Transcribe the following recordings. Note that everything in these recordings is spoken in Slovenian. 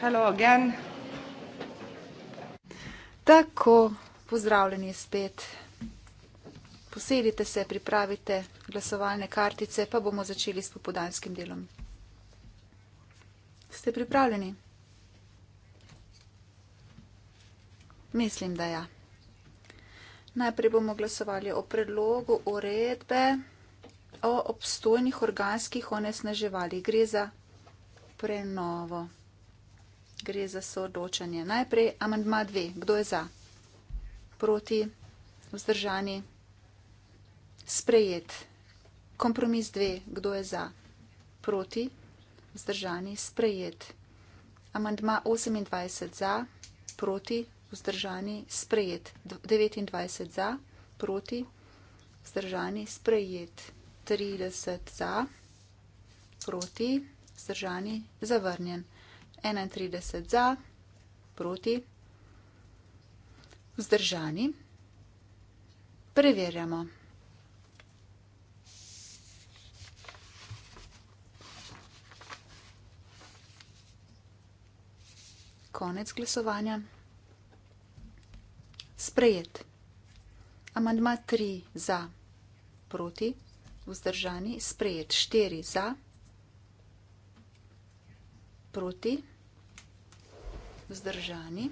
Hello again. Tako, pozdravljeni spet. Posedite se, pripravite glasovalne kartice, pa bomo začeli s popodanskim delom. Ste pripravljeni? Mislim, da ja. Najprej bomo glasovali o predlogu uredbe o obstojnih organskih onesnaževalih. Gre za prenovo gre za soodločanje. Najprej amandma dve. Kdo je za? Proti? Vzdržani? Sprejet. Kompromis dve. Kdo je za? Proti? Vzdržani? Sprejet. Amandma 28 za, proti, vzdržani, sprejet. 29 za, proti, vzdržani, sprejet. 30 za, proti, vzdržani, zavrnjen. 31 za, proti, vzdržani. Preverjamo. Konec glasovanja. Sprejet. Amandma 3 za, proti, vzdržani. Sprejet 4 za proti, vzdržani.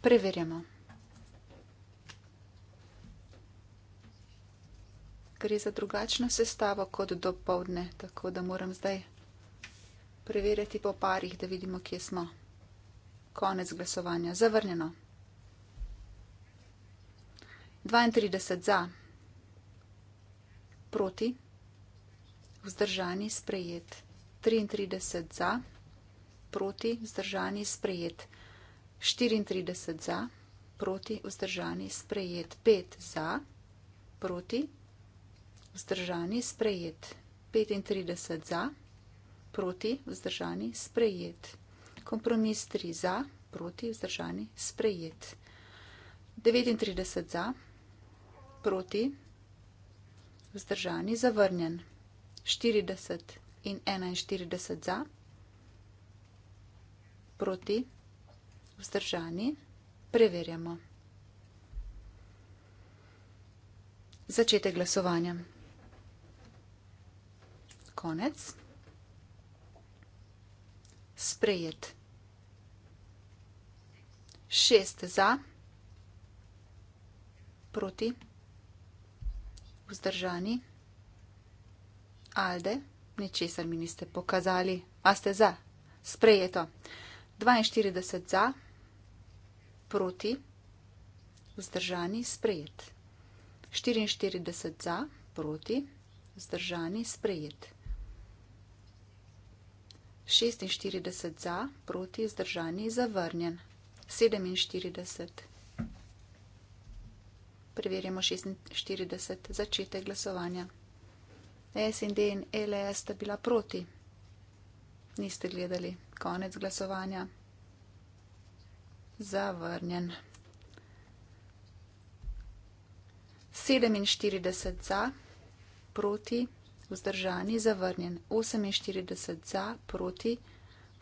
Preverjamo. Gre za drugačno sestavo kot do povdne, tako da moram zdaj preveriti po parih, da vidimo, kje smo. Konec glasovanja. Zavrnjeno. 32 za, proti, vzdržani, sprejet. 33 za, proti, vzdržani, sprejet. 34 za, proti, vzdržani, sprejet. 5 za, proti, vzdržani, sprejet. 35 za, proti, vzdržani, sprejet. Kompromis 3 za, proti, vzdržani, sprejet. 39 za, proti, vzdržani, zavrnjen. 40 za in 41 za, proti, vzdržani, preverjamo. Začete glasovanje. Konec. Sprejet. Šest za, proti, vzdržani, alde. Nečesar mi niste pokazali. A ste za? Sprejeto. 42 za, proti, vzdržani, sprejet. 44 za, proti, vzdržani, sprejet. 46 za, proti, vzdržani, zavrnjen. 47. Preverjamo 46. Začetek glasovanja. SND in LS sta bila proti. Niste gledali. Konec glasovanja. Zavrnjen. 47 za, proti, vzdržani, zavrnjen. 48 za, proti,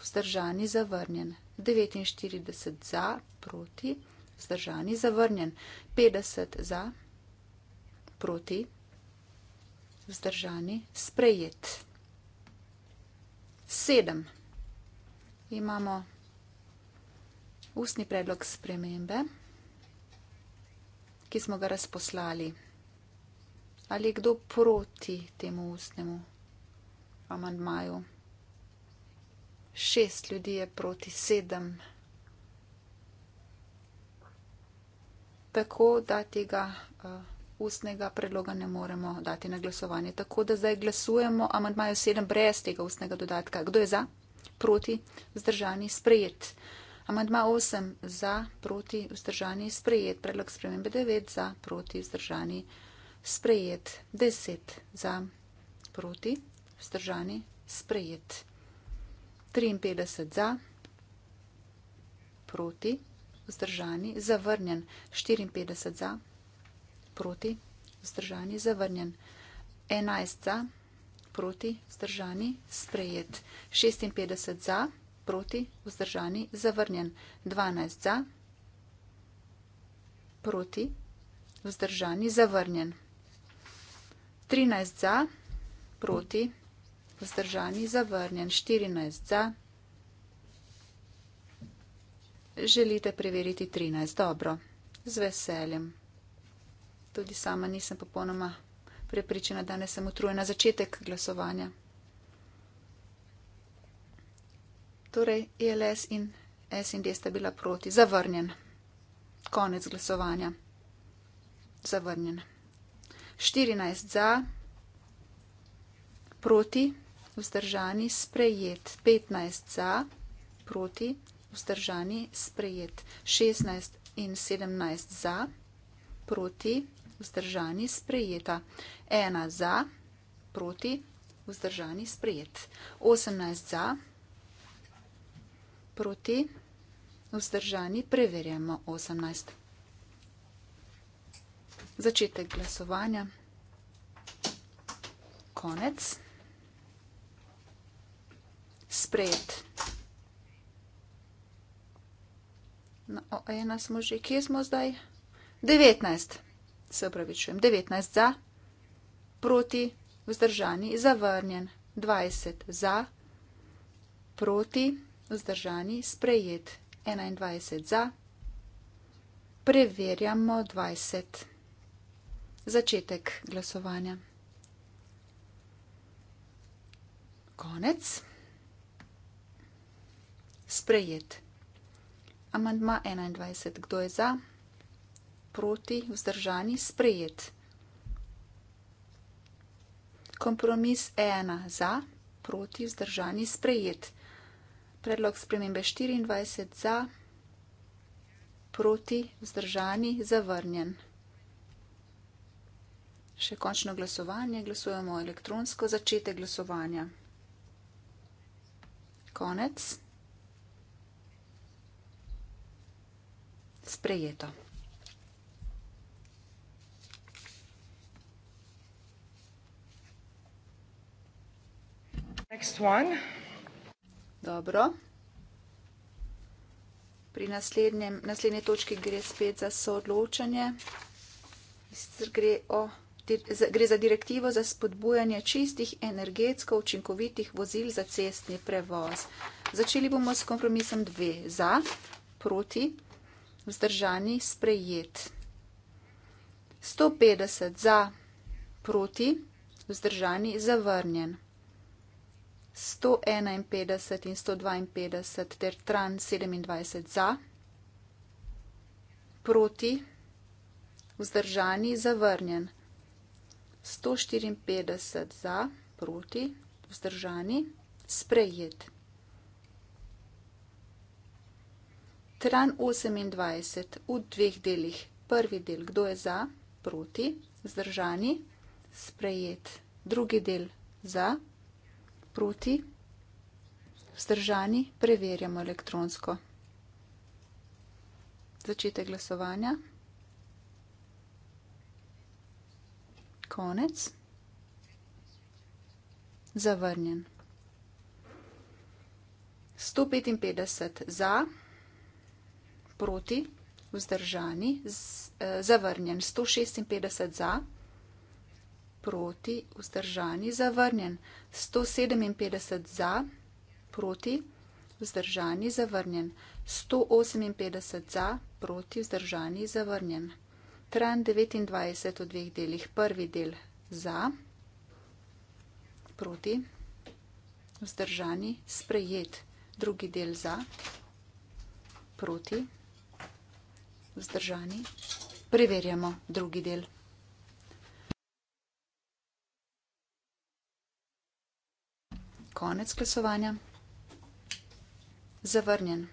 vzdržani, zavrnjen. 49 za, proti, vzdržani, zavrnjen. 50 za, proti, vzdržani, sprejet. Sedem. Imamo ustni predlog spremembe, ki smo ga razposlali. Ali je kdo proti temu ustnemu amandmaju? Šest ljudi je proti sedem. Tako da tega. Uh, ustnega predloga ne moremo dati na glasovanje. Tako da zdaj glasujemo amantmajo 7 brez tega ustnega dodatka. Kdo je za? Proti? Zdržani? Sprejet. Amantma 8 za, proti, vzdržani, sprejet. Predlog spremembe 9 za, proti, vzdržani, sprejet. 10 za, proti, vzdržani, sprejet. 53 za, proti, vzdržani, zavrnjen. 54 za, proti, vzdržani, zavrnjen. 11 za, proti, vzdržani, sprejet. 56 za, proti, vzdržani, zavrnjen. 12 za, proti, vzdržani, zavrnjen. 13 za, proti, vzdržani, zavrnjen. 14 za, želite preveriti 13. Dobro, z veseljem tudi sama nisem popolnoma prepričana, da ne sem utrujena začetek glasovanja. Torej, ILS e in SND sta bila proti, zavrnjen. Konec glasovanja. Zavrnjen. 14 za, proti, vzdržani, sprejet. 15 za, proti, vzdržani, sprejet. 16 in 17 za, proti, vzdržani, sprejeta. Ena za, proti, vzdržani, sprejet. 18 za, proti, vzdržani, preverjamo 18. Začetek glasovanja. Konec. Sprejet. No, o, ena smo že, kje smo zdaj? 19 se upravičujem, 19 za, proti, vzdržani, zavrnjen, 20 za, proti, vzdržani, sprejet, 21 za, preverjamo 20. Začetek glasovanja. Konec. Sprejet. Amandma 21. Kdo je za? proti, vzdržani, sprejet. Kompromis ena za, proti, vzdržani, sprejet. Predlog spremembe 24 za, proti, vzdržani, zavrnjen. Še končno glasovanje, glasujemo elektronsko, začete glasovanja. Konec. Sprejeto. Next one. Dobro. Pri naslednjem, naslednje točki gre spet za soodločanje. Gre, o, gre za direktivo za spodbujanje čistih, energetsko učinkovitih vozil za cestni prevoz. Začeli bomo s kompromisom dve. Za, proti, vzdržani, sprejet. 150 za, proti, vzdržani, zavrnjen. 151 in 152 ter tran 27 za, proti, vzdržani, zavrnjen. 154 za, proti, vzdržani, sprejet. Tran 28 v dveh delih. Prvi del, kdo je za, proti, vzdržani, sprejet. Drugi del, za, proti proti, vzdržani, preverjamo elektronsko. Začete glasovanja. Konec. Zavrnjen. 155 za, proti, vzdržani, z, eh, zavrnjen. 156 za proti, vzdržani, zavrnjen. 157 za, proti, vzdržani, zavrnjen. 158 za, proti, vzdržani, zavrnjen. Tran 29 v dveh delih. Prvi del za, proti, vzdržani, sprejet. Drugi del za, proti, vzdržani. Preverjamo drugi del. konec glasovanja. Zavrnjen.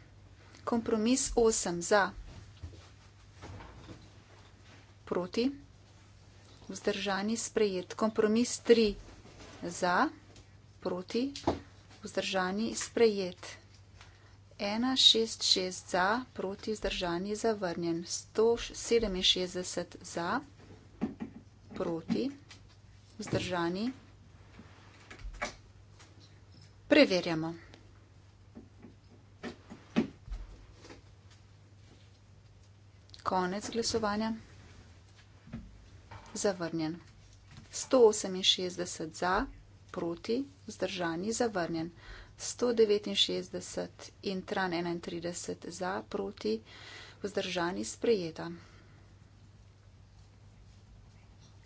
Kompromis 8 za, proti, vzdržani sprejet. Kompromis 3 za, proti, vzdržani sprejet. 166 za, proti, vzdržani zavrnjen. 167 za, proti, vzdržani sprejet. Preverjamo. Konec glasovanja. Zavrnjen. 168 za, proti, zdržani, zavrnjen. 169 in tran 31 za, proti, vzdržani, sprejeta.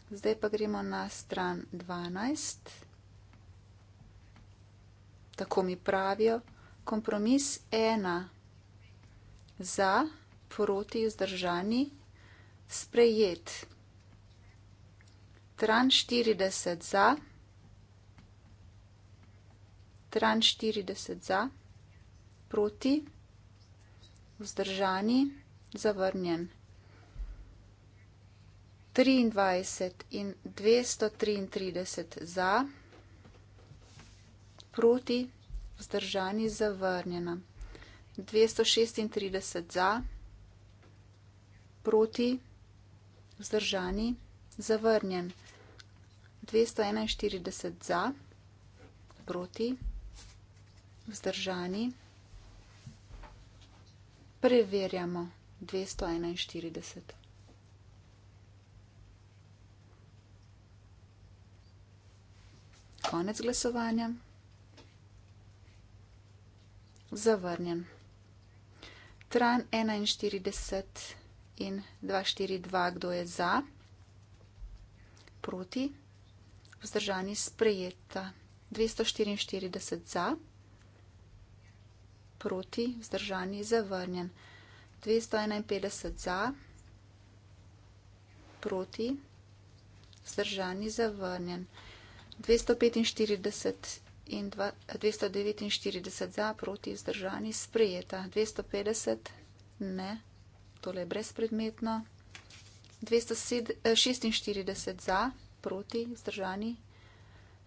Zdaj pa gremo na stran 12 tako mi pravijo, kompromis ena za, proti, vzdržani, sprejet. Tran 40 za, tran 40 za, proti, vzdržani, zavrnjen. 23 in 233 za proti, vzdržani, zavrnjena. 236 za, proti, vzdržani, zavrnjen. 241 za, proti, vzdržani. Preverjamo 241. Konec glasovanja. Zavrnjen. Tran 41 in 242, kdo je za, proti, vzdržani sprejeta. 244 za, proti, vzdržani zavrnjen. 251 za, proti, vzdržani zavrnjen. 245 in 249 za, proti vzdržani sprejeta. 250 ne, tole je brezpredmetno. 246 eh, za, proti vzdržani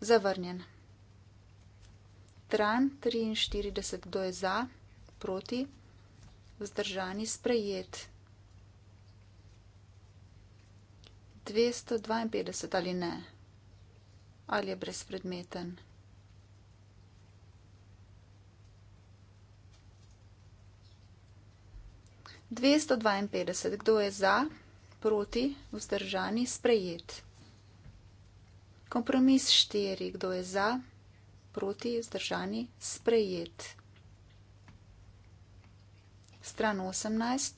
zavrnjen. Tran 43 do je za, proti vzdržani sprejet. 252 ali ne, ali je brezpredmeten. 252. Kdo je za, proti, vzdržani, sprejet? Kompromis 4. Kdo je za, proti, vzdržani, sprejet? Stran 18.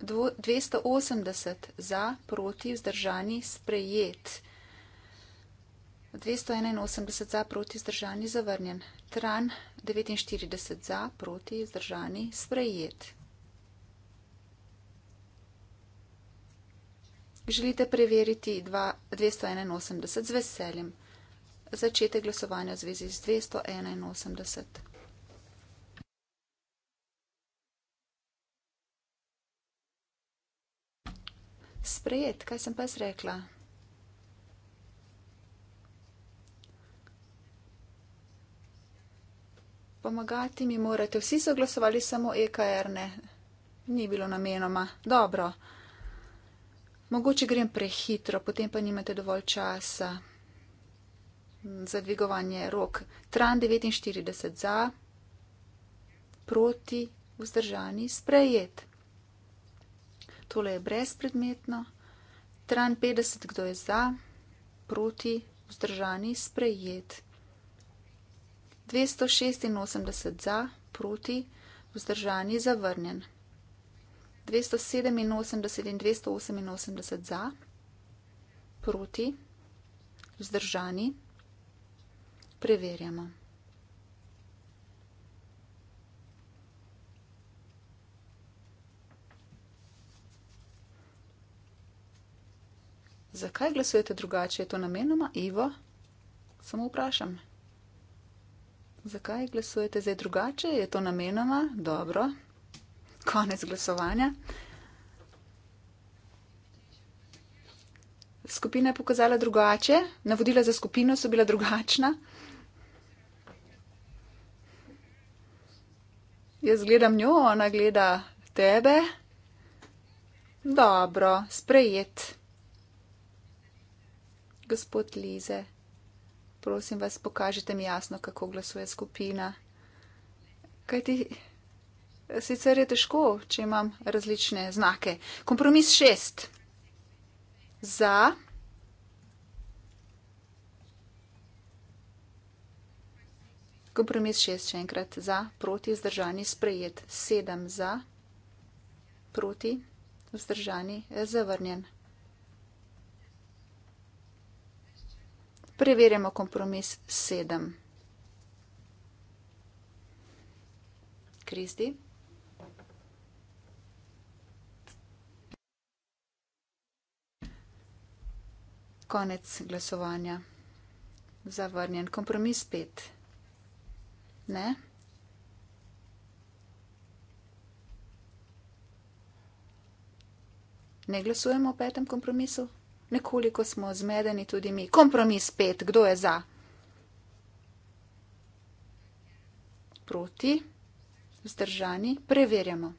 Dvo, 280 za, proti, vzdržani, sprejet. 281 za, proti zdržani, zavrnjen. Tran 49 za, proti zdržani, sprejet. Želite preveriti 281 z veseljem. Začetek glasovanja v zvezi z 281. Sprejet, kaj sem pa jaz rekla? pomagati mi morate. Vsi so glasovali samo EKR, ne. Ni bilo namenoma. Dobro. Mogoče grem prehitro, potem pa nimate dovolj časa za dvigovanje rok. Tran 49 za, proti, vzdržani, sprejet. Tole je brezpredmetno. Tran 50, kdo je za, proti, vzdržani, sprejet. 286 za, proti, vzdržani, zavrnjen. 287 in 288 za, proti, vzdržani, preverjamo. Zakaj glasujete drugače? Je to namenoma Ivo? Samo vprašam. Zakaj glasujete zdaj drugače? Je to namenoma? Dobro. Konec glasovanja. Skupina je pokazala drugače, navodila za skupino so bila drugačna. Jaz gledam njo, ona gleda tebe. Dobro, sprejet. Gospod Lize prosim vas, pokažite mi jasno, kako glasuje skupina. Kaj ti? Sicer je težko, če imam različne znake. Kompromis šest. Za. Kompromis šest, še enkrat za, proti, zdržani, sprejet. Sedem za, proti, zdržani, zavrnjen. Preverjamo kompromis 7. Kristi. Konec glasovanja. Zavrnjen. Kompromis 5. Ne. Ne glasujemo o petem kompromisu? nekoliko smo zmedeni tudi mi. Kompromis pet, kdo je za? Proti, vzdržani, preverjamo.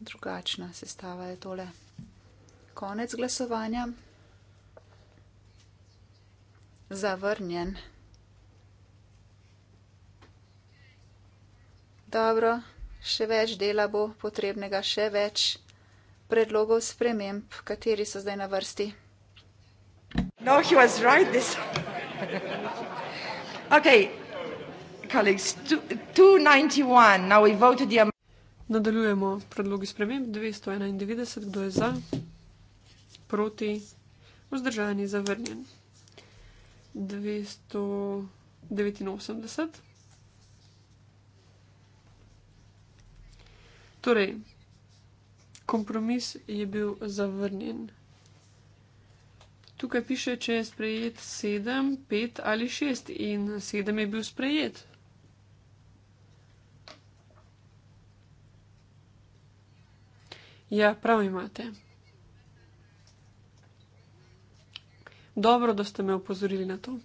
Drugačna sestava je tole. Konec glasovanja. Zavrnjen. Dobro še več dela bo potrebnega, še več predlogov sprememb, kateri so zdaj na vrsti. No, he was right this. Okay, colleagues, 291, now we voted the amendment. Nadaljujemo predlogi sprememb 291, kdo je za, proti, vzdržani, zavrnjen. 289. Torej, kompromis je bil zavrnjen. Tukaj piše, če je sprejet sedem, pet ali šest in sedem je bil sprejet. Ja, prav imate. Dobro, da ste me upozorili na to.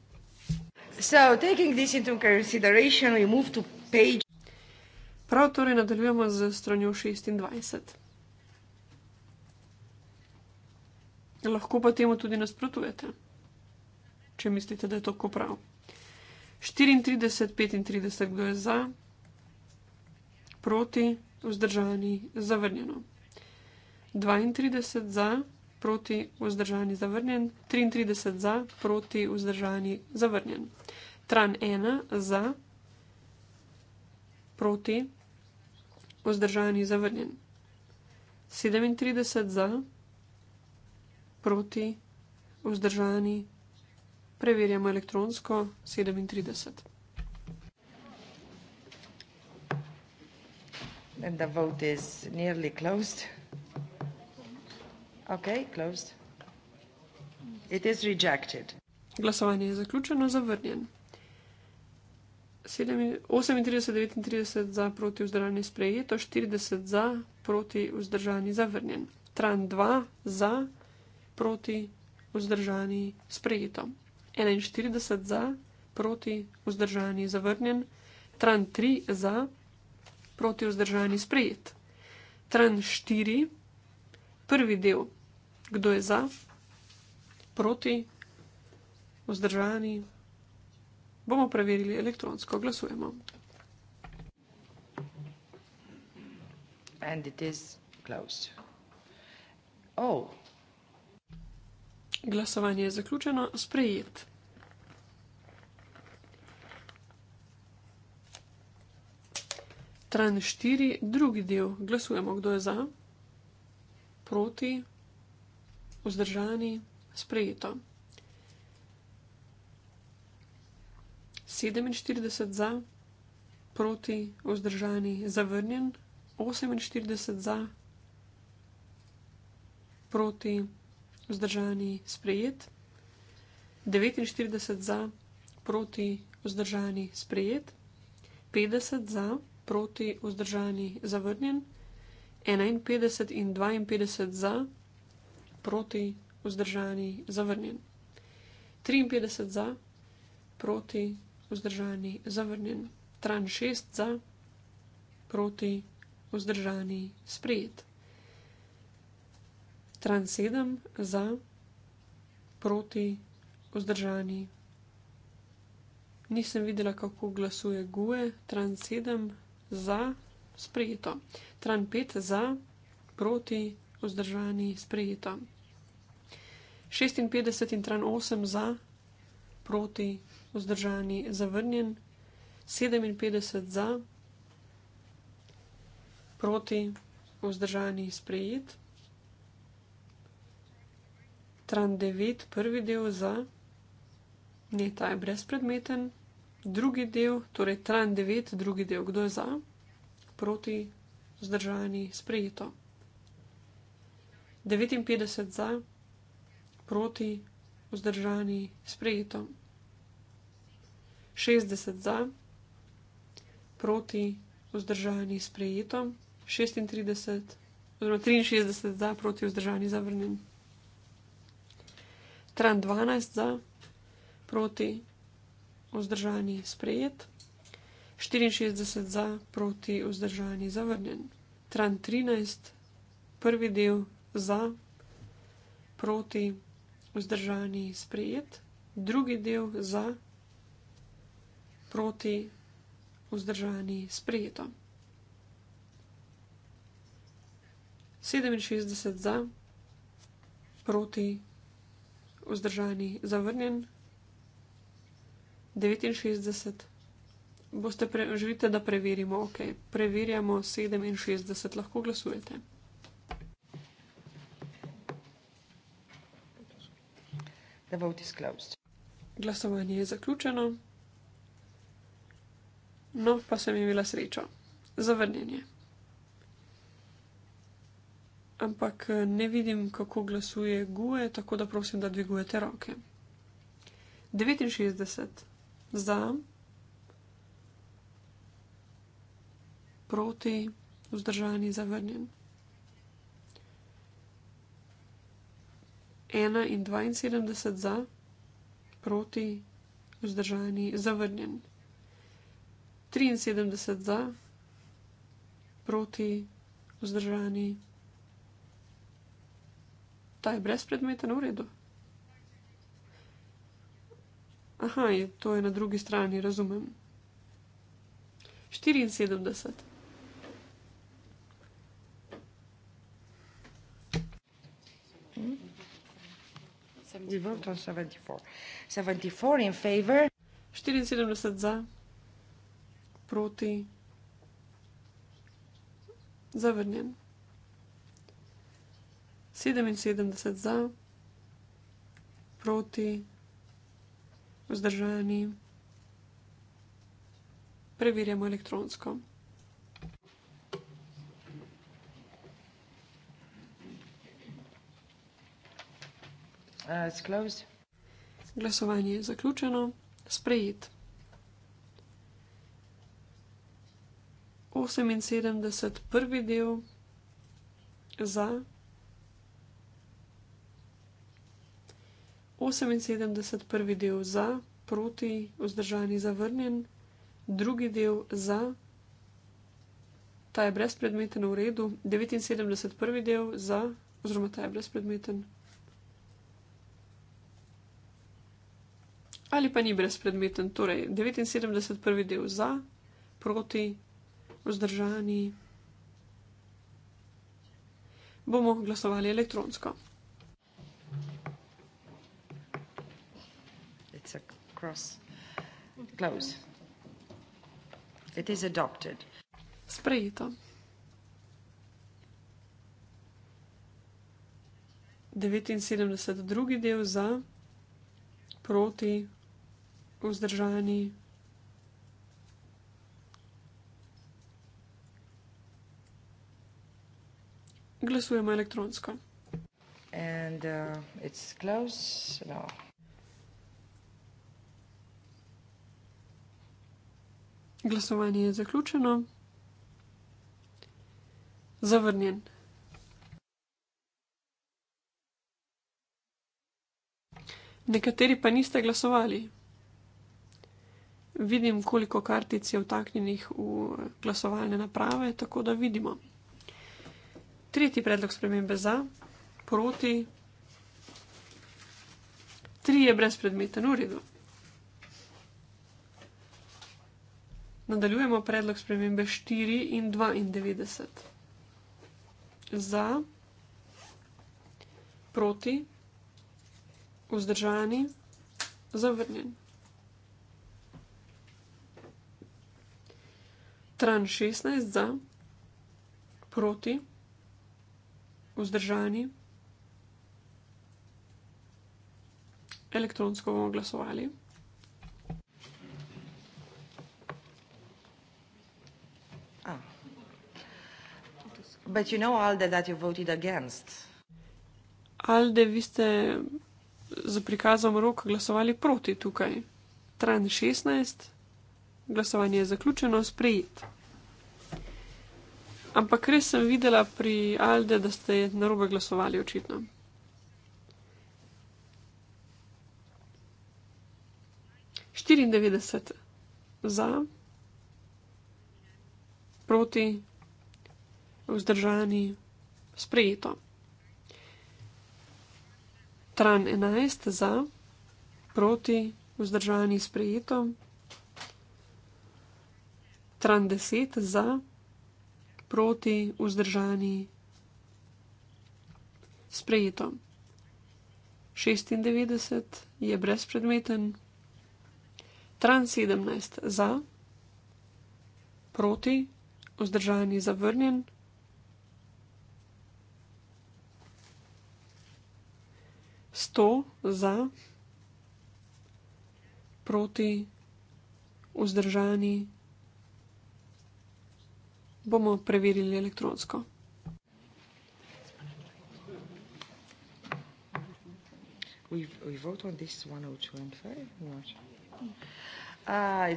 So, taking this into consideration, we move to page. Prav torej nadaljujemo z stranjo 26. Lahko pa temu tudi nasprotujete, če mislite, da je to prav. 34, 35, kdo je za, proti, vzdržani, zavrnjeno. 32 za, proti, vzdržani, zavrnjen. 33 za, proti, vzdržani, zavrnjen. Tran 1 za, proti, vzdržan in zavrnjen. 37 za, proti, vzdržan, preverjamo elektronsko 37. And the vote is nearly closed. Okay, closed. It is rejected. Glasovanje je zaključeno, zavrnjen. 38-39 za proti vzdržanje sprejeto, 40 za proti vzdržanje zavrnjen. Tran 2 za proti vzdržanje sprejeto. 41 za proti vzdržanje zavrnjen. Tran 3 za proti vzdržanje sprejet. Tran 4, prvi del, kdo je za, proti, vzdržani, bomo preverili elektronsko. Glasujemo. And it is closed. Oh. Glasovanje je zaključeno, sprejet. Tran 4, drugi del. Glasujemo, kdo je za, proti, vzdržani, sprejeto. sedeminštirideset za, proti, vzdržani, zavrnjen, oseminštirideset za, proti, vzdržani, sprejet, devetinštirideset za, proti, vzdržani, sprejet, petdeset za, proti, vzdržani, zavrnjen, enainpetdeset in dvainpetdeset za, proti, vzdržani, zavrnjen, triinpetdeset za, proti vzdržani, zavrnjen. Tran 6 za, proti, vzdržani, sprejet. Tran 7 za, proti, vzdržani. Nisem videla, kako glasuje GUE. Tran 7 za, sprejeto. Tran 5 za, proti, vzdržani, sprejeto. 56 in tran 8 za, proti, vzdržani vzdržani, zavrnjen, 57 za, proti, vzdržani, sprejet. Tran 9, prvi del za, ne, ta je brezpredmeten, drugi del, torej tran 9, drugi del, kdo je za, proti, vzdržani, sprejeto. 59 za, proti, vzdržani, sprejeto. 60 za, proti, vzdržani, sprejeto, 36, oziroma 63 za, proti, vzdržani, zavrnjen. Tran 12 za, proti, vzdržani, sprejet, 64 za, proti, vzdržani, zavrnjen. Tran 13, prvi del za, proti, vzdržani, sprejet, drugi del za, proti, vzdržani, sprejet proti vzdržani sprejeto. 67 za, proti vzdržani zavrnjen, 69 boste pre, živite, da preverimo, ok, preverjamo 67, lahko glasujete. Glasovanje je zaključeno. No, pa sem imela srečo. Zavrnjenje. Ampak eh, ne vidim, kako glasuje GUE, tako da prosim, da dvigujete roke. 69 za, proti, vzdržani, zavrnjen. 71 za, proti, vzdržani, zavrnjen. 73 za, proti, vzdržani. Ta je brezpredmeten, v redu. Aha, je, to je na drugi strani, razumem. 74. We vote on 74. 74 in favor. 74 za proti, zavrnjen. 77 za, proti, vzdržani. Preverjamo elektronsko. Uh, Glasovanje je zaključeno. Sprejet. 78, prvi del za 78, prvi del za, proti, vzdržani, zavrnjen, drugi del za, ta je brezpredmeten v redu, 79, prvi del za, oziroma ta je brezpredmeten. Ali pa ni brezpredmeten, torej 79, prvi del za, proti, vzdržani. Bomo glasovali elektronsko. Sprejeto. 79 drugi del za proti vzdržani. glasujemo elektronsko. And, uh, no. Glasovanje je zaključeno. Zavrnjen. Nekateri pa niste glasovali. Vidim, koliko kartic je vtaknjenih v glasovalne naprave, tako da vidimo. Tretji predlog spremembe za, proti. Tri je brezpredmeten, v redu. Nadaljujemo predlog spremembe 4 in 92. Za, proti, vzdržani, zavrnjen. Tran 16 za, proti vzdržani. Elektronsko bomo glasovali. Ah. But you know, Alde, that you voted against. Alde, vi ste za prikazom rok glasovali proti tukaj. Tran 16, glasovanje je zaključeno, sprejet. Ampak res sem videla pri Alde, da ste narobe glasovali, očitno. Štiriindevetdeset za, proti, vzdržani, sprejeto. Tran enajst za, proti, vzdržani, sprejeto. Tran deset za, proti proti, vzdržani, sprejeto. 96 je brezpredmeten, tran 17 za, proti, vzdržani, zavrnjen. Sto za, proti, vzdržani, zavrnjen bomo preverili elektronsko. Oh ah,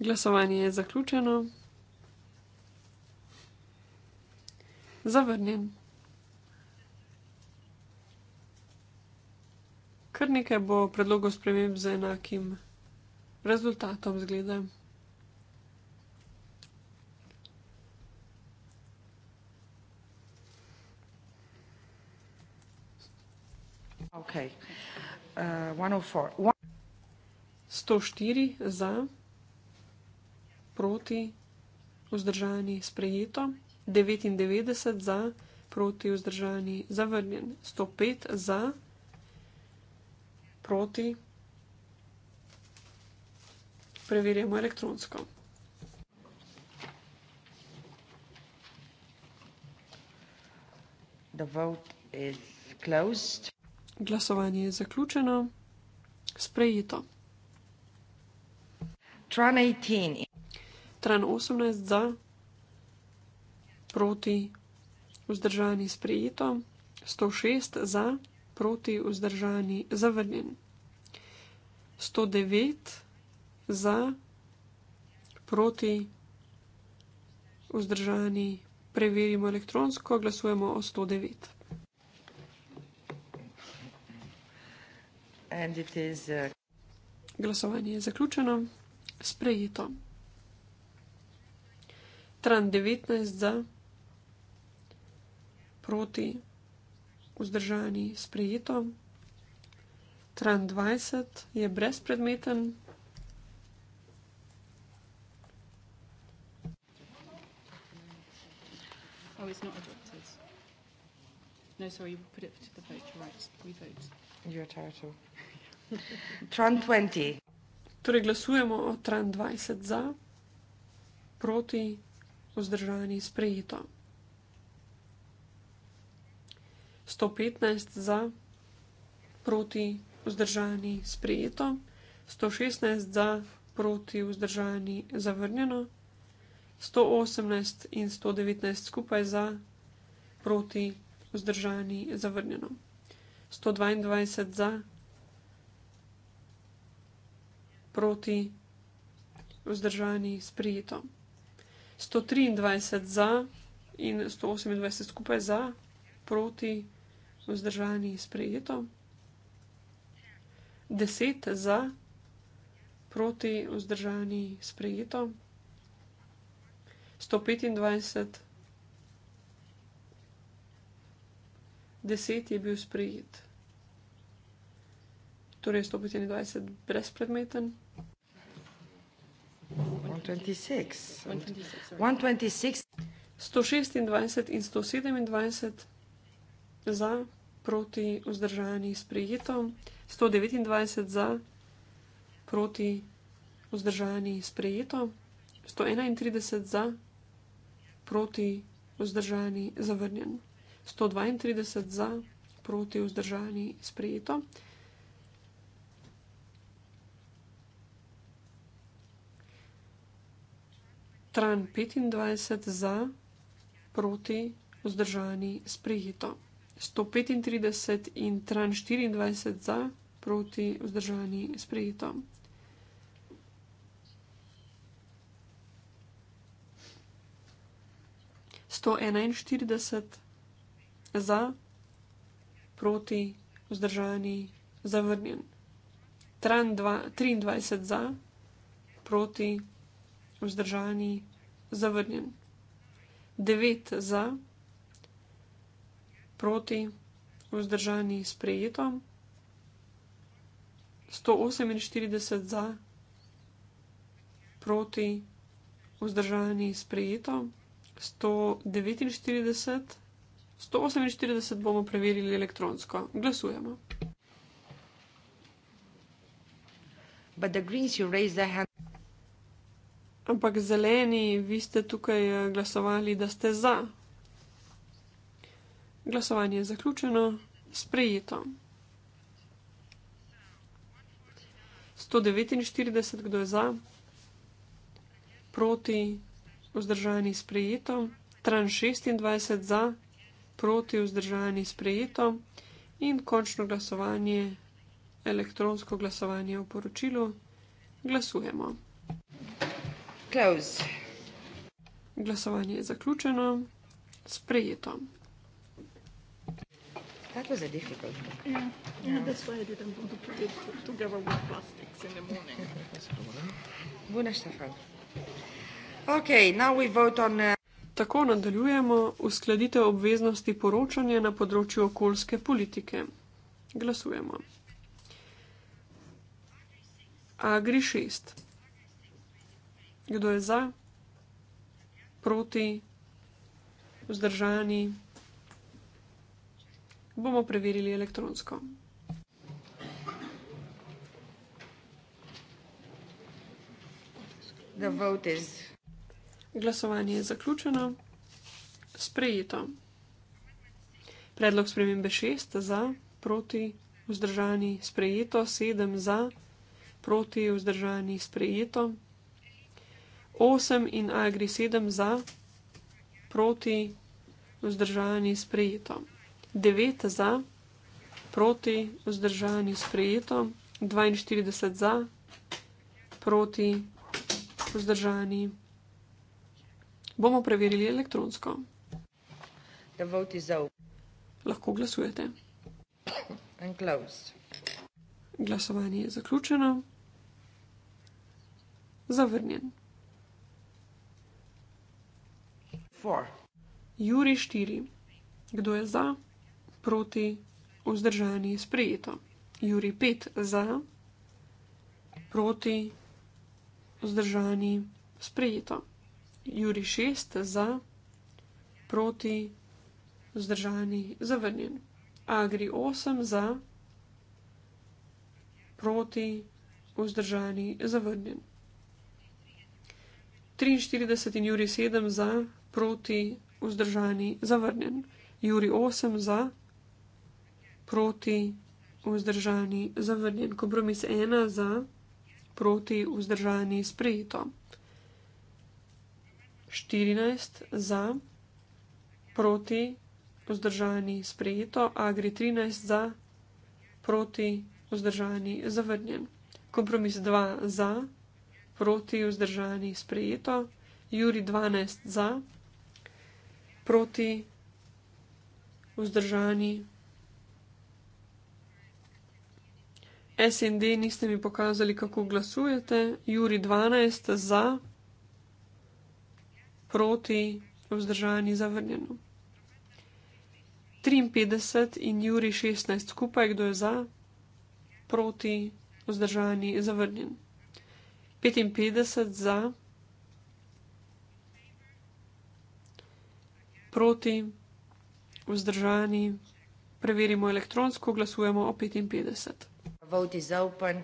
Glasovanje je zaključeno. Zavrnjen. Kar nekaj bo predlogov sprememb z enakim rezultatom, zgledaj. Okay. Uh, One... 104 za, proti, vzdržani, sprejeto, 99 za, proti, vzdržani, zavrnjen, 105 za, proti. Preverjamo elektronsko. The vote is closed. Glasovanje je zaključeno. Sprejeto. Tran 18. Tran 18 za, proti, vzdržani, sprejeto. 106 za, proti, vzdržani, zavrnjen. 109 za, proti, vzdržani, preverimo elektronsko, glasujemo o 109. Uh, Glasovanje je zaključeno. Sprejeto. Tran 19 za, proti, vzdržani, sprejeto. Tran 20 je brezpredmeten. Oh, it's not adopted. No, sorry, you put it to the vote. You're right. We vote. Torej, glasujemo o Trend 20 za, proti, vzdržani, sprejeto. 115 za, proti, vzdržani, sprejeto. 116 za, proti, vzdržani, zavrnjeno. 118 in 119 skupaj za, proti, vzdržani, zavrnjeno. 122 za, proti, vzdržani, sprijeto. 123 za in 128 skupaj za, proti, vzdržani, sprijeto. 10 za, proti, vzdržani, sprijeto. 125 za. deset je bil sprejet. Torej je 121 brezpredmeten. 126 in 127 za, proti vzdržani sprejeto, 129 za, proti vzdržani sprejeto, 131 za, proti vzdržani zavrnjen. 132 za, proti vzdržani sprejeto. Tran 25 za, proti vzdržani sprejeto. 135 in tran 24 za, proti vzdržani sprejeto. Sto enainštirideset za, proti, vzdržani, zavrnjen. Tran 23 za, proti, vzdržani, zavrnjen. 9 za, proti, vzdržani, sprejeto. 148 za, proti, vzdržani, sprejeto. 149 za, 148 bomo preverili elektronsko. Glasujemo. Ampak zeleni, vi ste tukaj eh, glasovali, da ste za. Glasovanje je zaključeno, sprejeto. 149, kdo je za, proti, vzdržani, sprejeto, tran 26 za, proti vzdržani sprejeto in končno glasovanje, elektronsko glasovanje v poročilu, glasujemo. Close. Glasovanje je zaključeno, sprejeto. That was a difficult one. Yeah. yeah, yeah. that's why I didn't want to put it together with plastics in the morning. Buona Stefan. Okay, now we vote on. Uh Tako nadaljujemo uskladitev obveznosti poročanja na področju okoljske politike. Glasujemo. Agri 6. Kdo je za, proti, vzdržani? Bomo preverili elektronsko. The vote is. Glasovanje je zaključeno. Sprejeto. Predlog spremembe 6 za, proti, vzdržani, sprejeto, 7 za, proti, vzdržani, sprejeto, 8 in agri 7 za, proti, vzdržani, sprejeto, 9 za, proti, vzdržani, sprejeto, 42 za, proti, vzdržani, sprejeto bomo preverili elektronsko. Lahko glasujete. Glasovanje je zaključeno. Zavrnjen. Four. Juri 4. Kdo je za, proti, vzdržani, sprejeto. Juri 5. Za, proti, vzdržani, sprejeto. Juri 6 za, proti, vzdržani, zavrnjen. Agri 8 za, proti, vzdržani, zavrnjen. 43 in Juri 7 za, proti, vzdržani, zavrnjen. Juri 8 za, proti, vzdržani, zavrnjen. Kompromis 1 za, proti, vzdržani, sprejeto štirinajst za, proti, vzdržani, sprejeto, agri trinajst za, proti, vzdržani, zavrnjen. Kompromis dva za, proti, vzdržani, sprejeto, juri dvanajst za, proti, vzdržani. SND niste mi pokazali, kako glasujete. Juri 12 za, proti, vzdržani, zavrnjeno. 53 in Juri 16 skupaj, kdo je za, proti, vzdržani, zavrnjen. 55 za, proti, vzdržani, preverimo elektronsko, glasujemo o 55. Vot je zaupan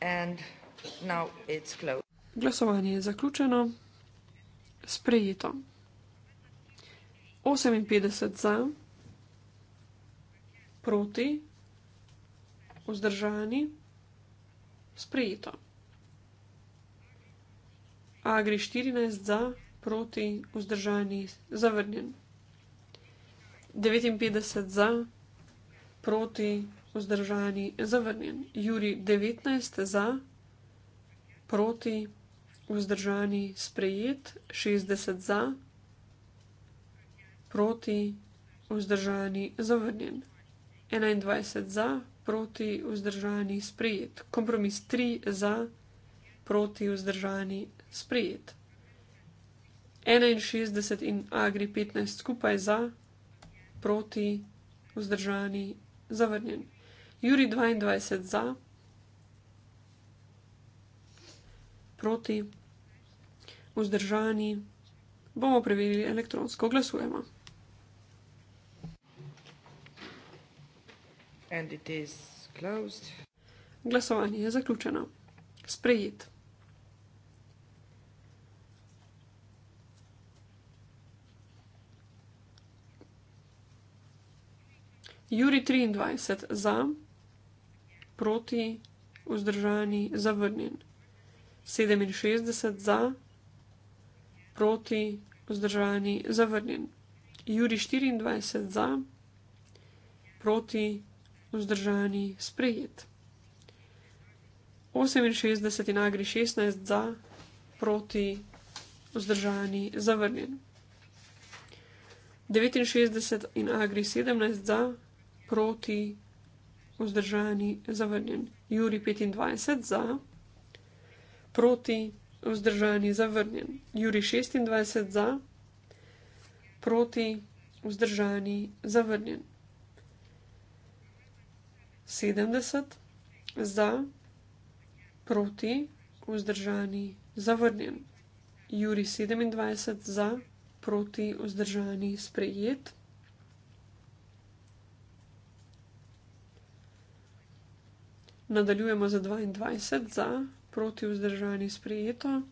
in zdaj je zaključeno. Glasovanje je zaključeno. Sprejeto. 58 za, proti, vzdržani, sprejeto. Agri 14 za, proti, vzdržani, zavrnjen. 59 za, proti, vzdržani, zavrnjen. Juri 19 za, proti, vzdržani vzdržani, sprejet, 60 za, proti, vzdržani, zavrnjen. 21 za, proti, vzdržani, sprejet. Kompromis 3 za, proti, vzdržani, sprejet. 61 in agri 15 skupaj za, proti, vzdržani, zavrnjen. Juri 22 za, proti, vzdržani, zavrnjen vzdržani. Bomo preverili elektronsko, glasujemo. Glasovanje je zaključeno. Sprejet. Juri 23 za, proti, vzdržani, zavrnjen. 67 za, proti, vzdržani, zavrnjen. Juri 24 za, proti, vzdržani, sprejet. 68 in agri 16 za, proti, vzdržani, zavrnjen. 69 in agri 17 za, proti, vzdržani, zavrnjen. Juri 25 za, proti, vzdržani, zavrnjen vzdržan je zavrnjen. Juri 26 za, proti vzdržan je zavrnjen. 70 za, proti vzdržan je zavrnjen. Juri 27 za, proti vzdržan je sprejet. 22 za, proti vzdržani sprejeto,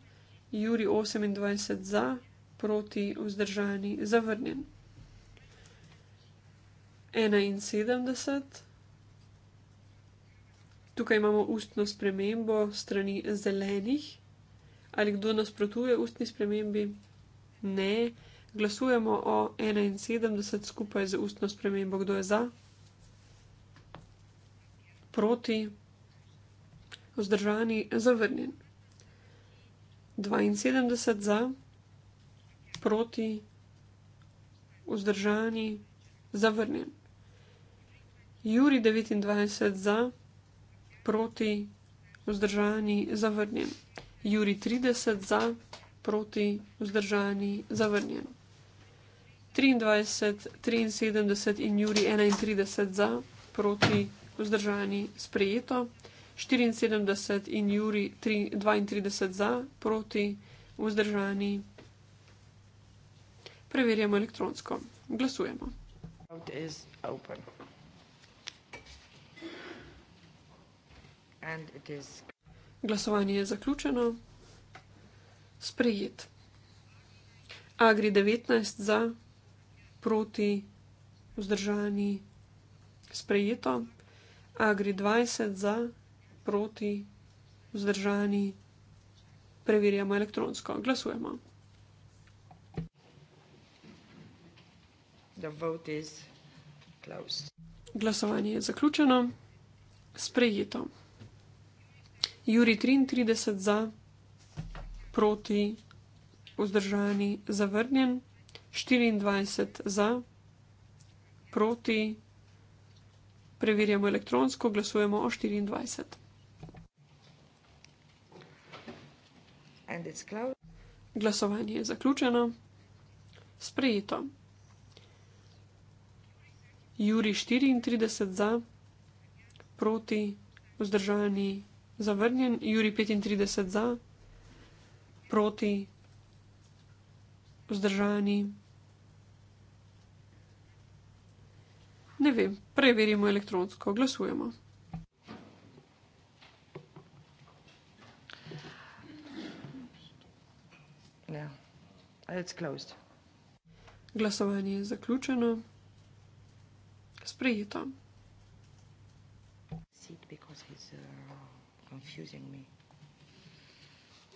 Juri 28 za, proti vzdržani zavrnjen. 71. Tukaj imamo ustno spremembo strani zelenih. Ali kdo nasprotuje ustni spremembi? Ne. Glasujemo o 71 skupaj z ustno spremembo. Kdo je za? Proti vzdržani, zavrnjen. 72 za, proti, vzdržani, zavrnjen. Juri 29 za, proti, vzdržani, zavrnjen. Juri 30 za, proti, vzdržani, zavrnjen. 23, 73 in Juri 31 za, proti, vzdržani, sprejeto. 74 in Juri 32 za, proti, vzdržani. Preverjamo elektronsko. Glasujemo. Glasovanje je zaključeno. Sprejet. Agri 19 za, proti, vzdržani. Sprejeto. Agri 20 za proti, vzdržani, preverjamo elektronsko, glasujemo. Glasovanje je zaključeno, sprejeto. Juri 33 za, proti, vzdržani, zavrnjen, 24 za, proti, preverjamo elektronsko, glasujemo o 24. Glasovanje je zaključeno. Sprejeto. Juri 34 za, proti, vzdržani, zavrnjen. Juri 35 za, proti, vzdržani. Ne vem, preverimo elektronsko, glasujemo. It's closed. Glasovanje je zaključeno. Sprejeto. Sit because he's uh, confusing me.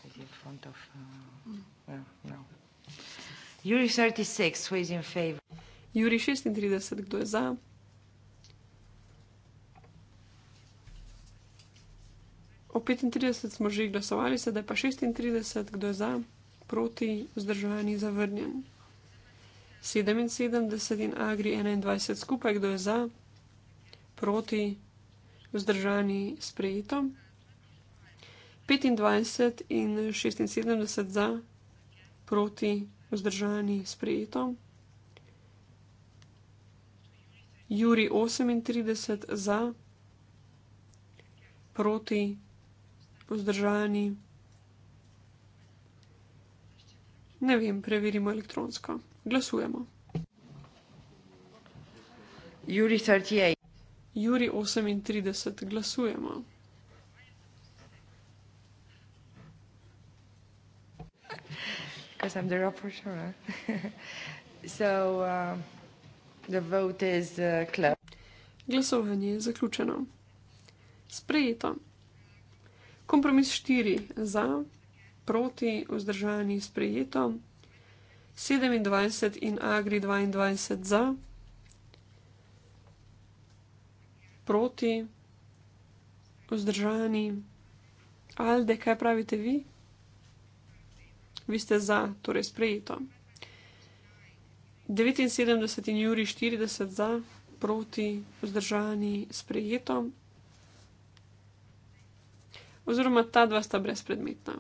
Is he in front of... Uh, mm. uh, no. Yuri 36, who is in favor? Yuri 36, kdo je za? O 35 smo že glasovali, sedaj pa 36, kdo je za? proti, vzdržan je zavrnjen. 77 in agri 21 skupaj, kdo je za, proti, vzdržan je sprejeto. 25 in 76 za, proti, vzdržan je sprejeto. Juri 38 za, proti, vzdržan je sprejeto. Ne vem, preverimo elektronsko. Glasujemo. Juri 38. Juri 38. Glasujemo. Because I'm the rapporteur. so uh, the vote is uh, closed. Glasovanje je zaključeno. Sprejeto. Kompromis 4 za, proti, vzdržani sprejeto, 27 in agri 22 za, proti, vzdržani, alde, kaj pravite vi? Vi ste za, torej sprejeto. 79 in juri 40 za, proti, vzdržani, sprejeto. Oziroma ta dva sta brezpredmetna.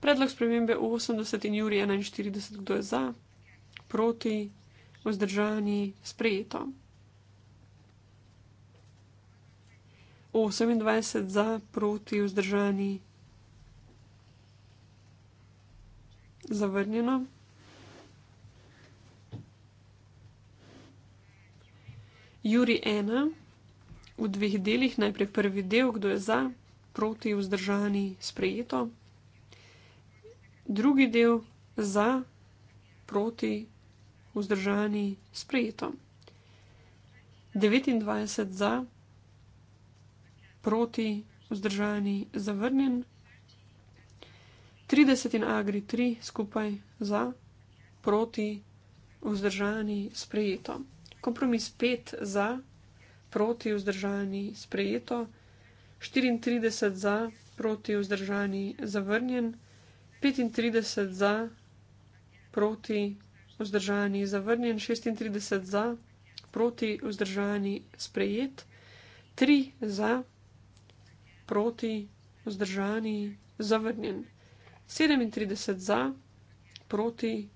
Predlog spremembe 80 in juri 41, kdo je za, proti, vzdržani, sprejeto. 28 za, proti, vzdržani, zavrnjeno. Juri 1 v dveh delih, najprej prvi del, kdo je za proti vzdržani, sprejeto. Drugi del za, proti vzdržani, sprejeto. 29 za, proti vzdržani, zavrnjen. 30 in agri 3 skupaj za, proti vzdržani, sprejeto. Kompromis 5 za, proti vzdržani, sprejeto. 34 za, proti vzdržani zavrnjen, 35 za, proti vzdržani zavrnjen, 36 za, proti vzdržani sprejet, 3 za, proti vzdržani zavrnjen, 37 za, proti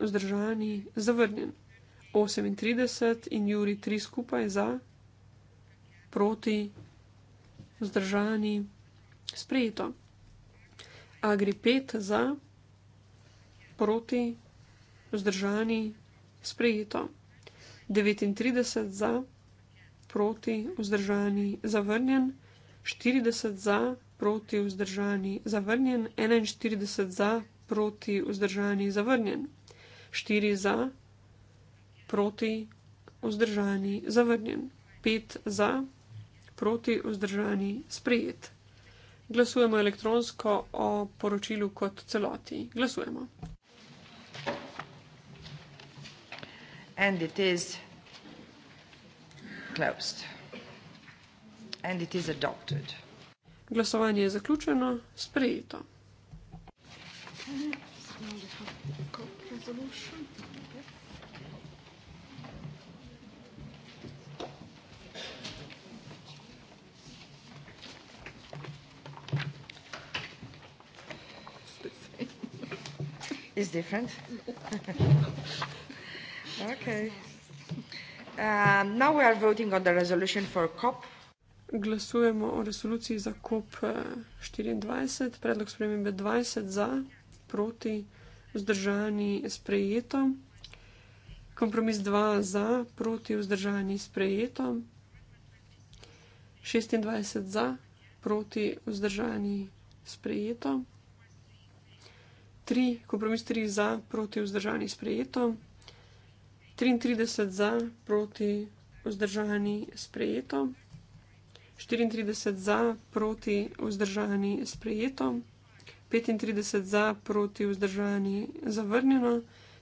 vzdržani zavrnjen, 38 in Juri 3 skupaj za, proti vzdržani, sprejeto. Agri 5 za, proti, vzdržani, sprejeto. 39 za, proti, vzdržani, zavrnjen. 40 za, proti, vzdržani, zavrnjen. 41 za, proti, vzdržani, zavrnjen. 4 za, proti, vzdržani, zavrnjen. 5 za, proti vzdržani sprejet. Glasujemo elektronsko o poročilu kot celoti. Glasujemo. And it is closed. And it is adopted. Glasovanje je zaključeno, sprejeto. Okay, It's different. okay. Um, now we are voting on the resolution for COP. Glasujemo o resoluciji za COP 24, eh, predlog spremembe 20 za, proti, vzdržani, sprejeto. Kompromis 2 za, proti, vzdržani, sprejeto. 26 za, proti, vzdržani, sprejeto. 3, kompromis 3 za, proti vzdržani sprejeto, 33 za, proti vzdržani sprejeto, 34 za, proti vzdržani sprejeto, 35 za, proti vzdržani zavrnjeno,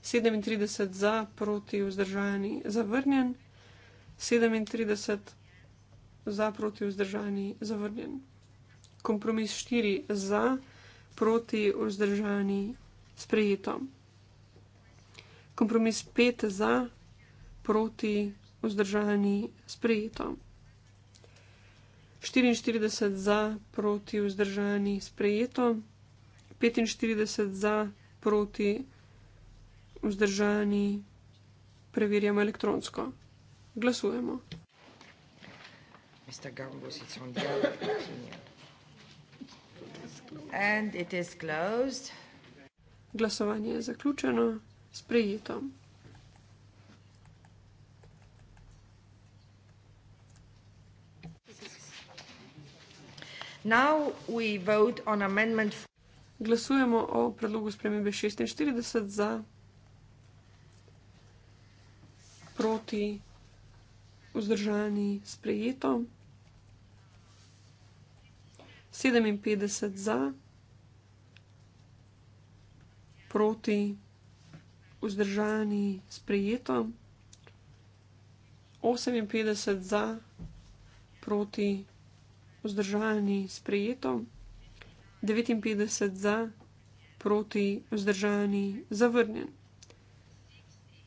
37 za, proti vzdržani zavrnjen, 37 za, proti vzdržani zavrnjen. Kompromis 4 za, proti vzdržani sprejeto. Kompromis 5 za, proti vzdržani sprejeto. 44 za, proti vzdržani sprejeto. 45 za, proti vzdržani preverjamo elektronsko. Glasujemo. Mr. Gambo, it's on the other opinion. Glasovanje je zaključeno, sprejeto. Glasujemo o predlogu spremembe 46 za, proti, vzdržani, sprejeto. 57 za, proti, vzdržani, sprejeto. 58 za, proti, vzdržani, sprejeto. 59 za, proti, vzdržani, zavrnjen.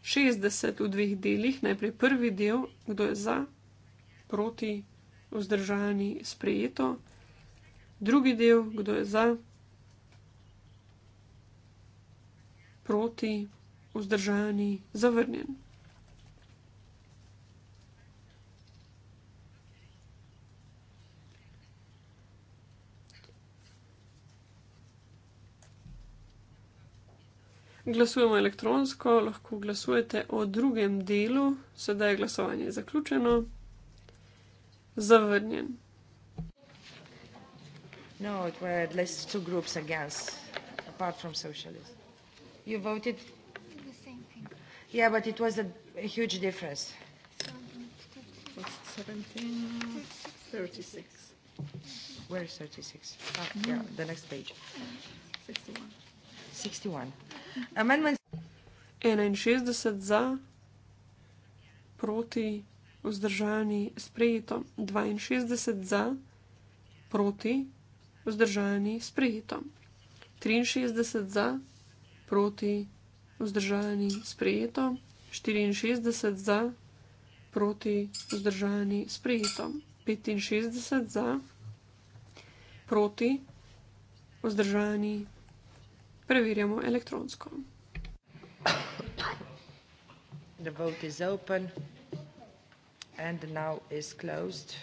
60 v dveh delih, najprej prvi del, kdo je za, proti, vzdržani, sprejeto. Drugi del, kdo je za, proti, vzdržani, zavrnjen. Glasujemo elektronsko, lahko glasujete o drugem delu, sedaj je glasovanje zaključeno. Zavrnjen. No, it were at least two groups against, apart from socialists. You voted? The same thing. Yeah, but it was a, a huge difference. 1736. Where is 36? Oh, mm. Yeah, the next page. 61. 61. Amendment. za, proti, vzdržani, sprejeto. 62 za, proti, vzdržani, sprejeto. 63 za, proti, vzdržani, sprejeto. 64 za, proti, vzdržani, sprejeto. 65 za, proti, vzdržani, preverjamo elektronsko. The vote is open and now is closed.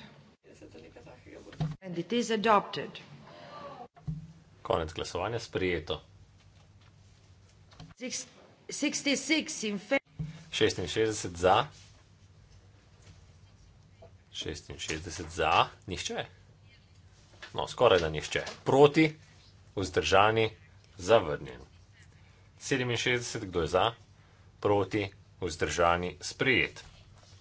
And it is adopted. Konec glasovanja sprijeto. 66 za. 66 za, nihče. No, skoraj da nihče. Proti, vzdržani, zavrnjen. 67, kdo je za? Proti, vzdržani, sprijet.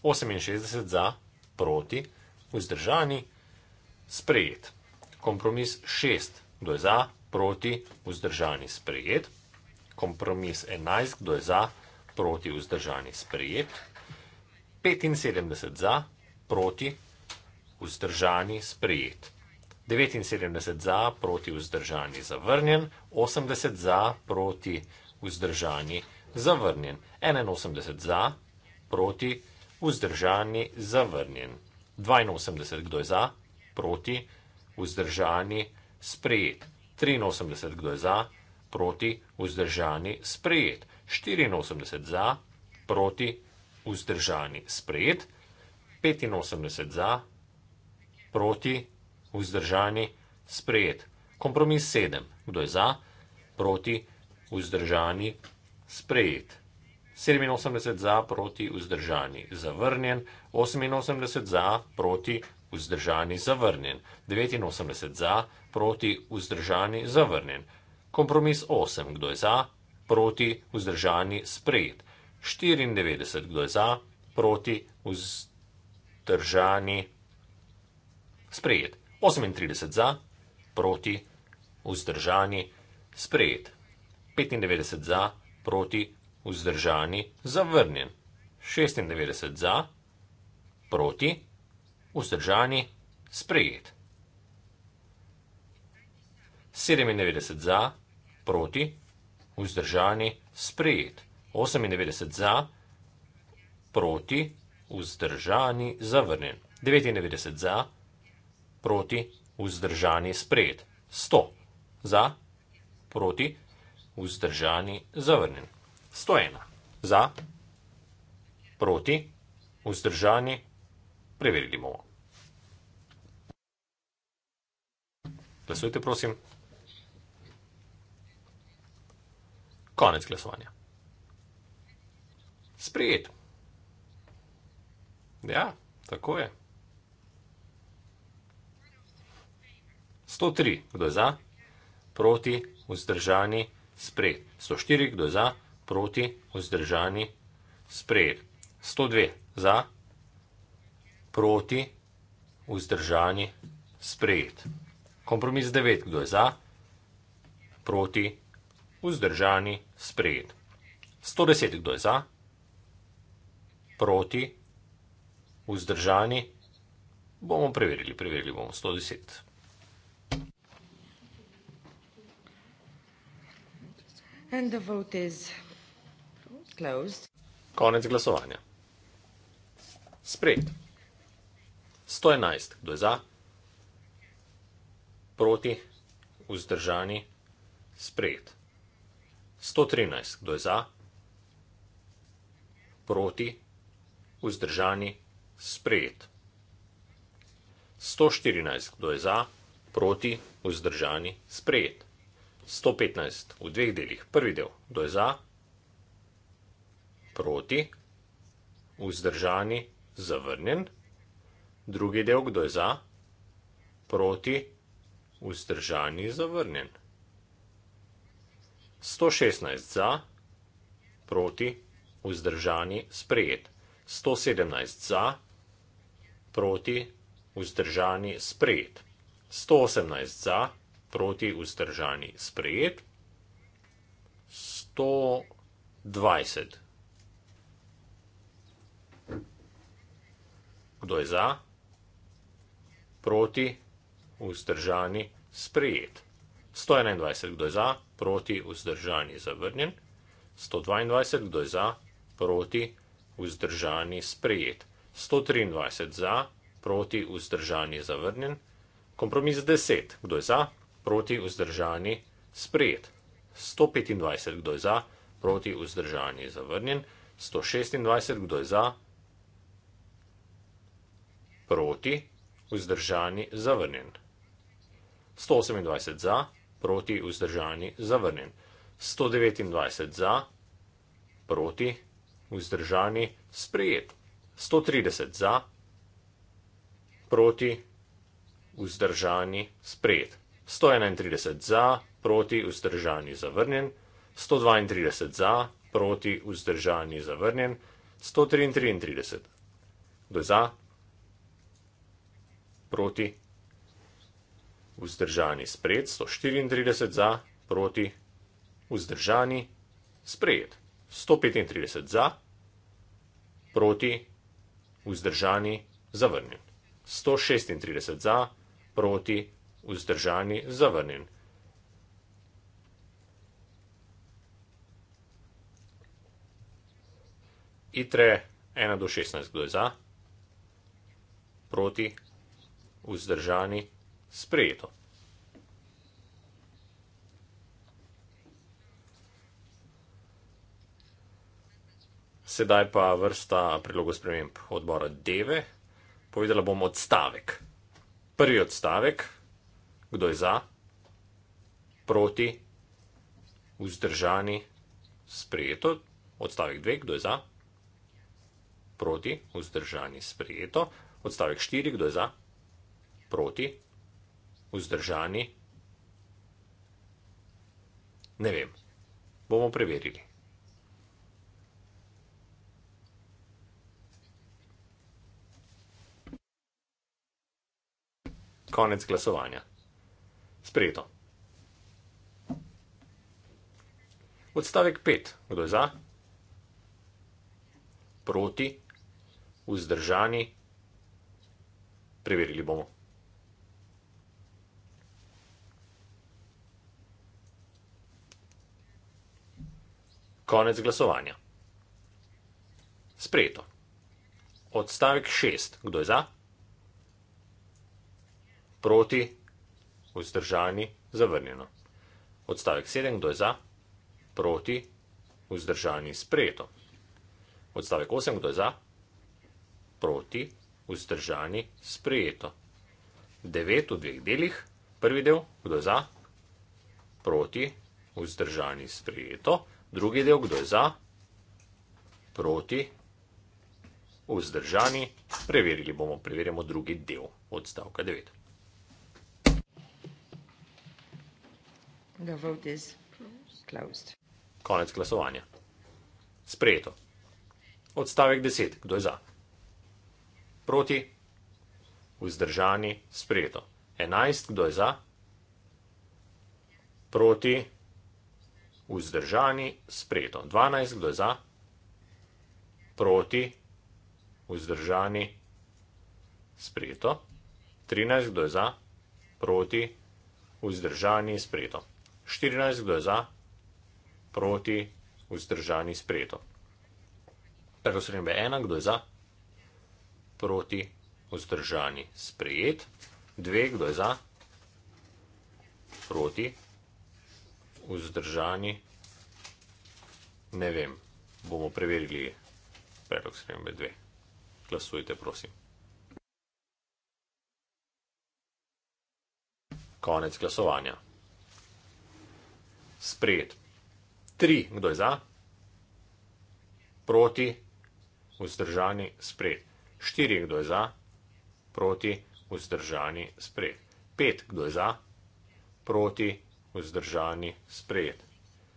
68 za, proti, vzdržani, sprijet. Kompromis 6, kdo je za? proti, vzdržani sprejet. Kompromis 11, kdo je za, proti, vzdržani sprejet. 75 za, proti, vzdržani sprejet. 79 za, proti, vzdržani zavrnjen. 80 za, proti, vzdržani zavrnjen. 81 za, proti, vzdržani zavrnjen. 82, kdo je za, proti, vzdržani sprejet. 83 kdo je za, proti, vzdržani, sprejet. 84 za, proti, vzdržani, sprejet. 85 za, proti, vzdržani, sprejet. Kompromis 7. Kdo je za, proti, vzdržani, sprejet. 87 za, proti, vzdržani, zavrnjen. 88 za, proti, vzdržani vzdržani zavrnjen, 89 za, proti vzdržani zavrnjen, kompromis 8, kdo je za, proti vzdržani sprejet, 94 kdo je za, proti vzdržani sprejet, 38 za, proti vzdržani sprejet, 95 za, proti vzdržani zavrnjen, 96 za, proti vzdržani, sprejet. 97 za, proti, vzdržani, sprejet. 98 za, proti, vzdržani, zavrnjen. 99 za, proti, vzdržani, sprejet. 100 za, proti, vzdržani, zavrnjen. 101 za, proti, vzdržani, Preverili bomo. Glasujte, prosim. Konec glasovanja. Sprijet. Ja, tako je. 103, kdo je za, proti, vzdržani, sprejet. 104, kdo je za, proti, vzdržani, sprejet. 102, za, proti, vzdržani, sprejet proti, vzdržani, sprejet. Kompromis 9, kdo je za, proti, vzdržani, sprejet. 110, kdo je za, proti, vzdržani, bomo preverili, preverili bomo 110. And the vote is closed. Konec glasovanja. Sprejet. 111. Kdo je za? Proti? Vzdržani? Sprejet. 113. Kdo je za? Proti? Vzdržani? Sprejet. 114. Kdo je za? Proti? Vzdržani? Sprejet. 115. V dveh delih. Prvi del. Kdo je za? Proti? Vzdržani? Zavrnjen. Drugi del, kdo je za, proti, vzdržani, zavrnjen. 116 za, proti, vzdržani, sprejet. 117 za, proti, vzdržani, sprejet. 118 za, proti, vzdržani, sprejet. 120. Kdo je za? proti, vzdržani, sprejet. 121, kdo je za, proti, vzdržani, zavrnjen. 122, kdo je za, proti, vzdržani, sprejet. 123 za, proti, vzdržani, zavrnjen. Kompromis 10, kdo je za, proti, vzdržani, sprejet. 125, kdo je za, proti, vzdržani, zavrnjen. 126, kdo je za, proti, vzdržani, sprejet vzdržani, zavrnjen. 128 za, proti, vzdržani, zavrnjen. 129 za, proti, vzdržani, sprejet. 130 za, proti, vzdržani, sprejet. 131 za, proti, vzdržani, zavrnjen. 132 za, proti, vzdržani, zavrnjen. 133 do za, proti, vzdržani sprejet, 134 za, proti, vzdržani sprejet, 135 za, proti, vzdržani zavrnjen, 136 za, proti, vzdržani zavrnjen. ITRE 1 do 16, kdo je za? Proti vzdržani, sprejeto. Sedaj pa vrsta predlogov sprememb odbora Deve. Povedala bom odstavek. Prvi odstavek, kdo je za, proti, vzdržani, sprejeto. Odstavek 2, kdo je za, proti, vzdržani, sprejeto. Odstavek 4, kdo je za, proti, vzdržani. Ne vem, bomo preverili. Konec glasovanja. Sprejeto. Odstavek 5. Kdo je za? Proti, vzdržani, preverili bomo. Konec glasovanja. Sprejeto. Odstavek šest. Kdo je za? Proti, vzdržani, zavrnjeno. Odstavek sedem. Kdo je za? Proti, vzdržani, sprejeto. Odstavek osem. Kdo je za? Proti, vzdržani, sprejeto. Devet v dveh delih. Prvi del. Kdo je za? Proti, vzdržani, sprejeto. Drugi del, kdo je za, proti, vzdržani, preverili bomo, preverjamo drugi del odstavka 9. The vote is closed. Konec glasovanja. Sprejeto. Odstavek 10, kdo je za, proti, vzdržani, sprejeto. 11, kdo je za, proti, vzdržani, sprejeto vzdržani, sprejeto. 12 kdo za, proti, vzdržani, sprejeto. 13 kdo za, proti, vzdržani, sprejeto. 14 kdo za, proti, vzdržani, sprejeto. Prvo srednje je 1 kdo za, proti, vzdržani, sprejet. 2 kdo za, proti, vzdržani, sprejeto vzdržani. Ne vem, bomo preverili predlog spremembe 2. Glasujte, prosim. Konec glasovanja. Sprejet. Tri, kdo je za? Proti, vzdržani, sprejet. Štiri, kdo je za? Proti, vzdržani, sprejet. Pet, kdo je za? Proti, vzdržani, sprejet vzdržani, sprejet.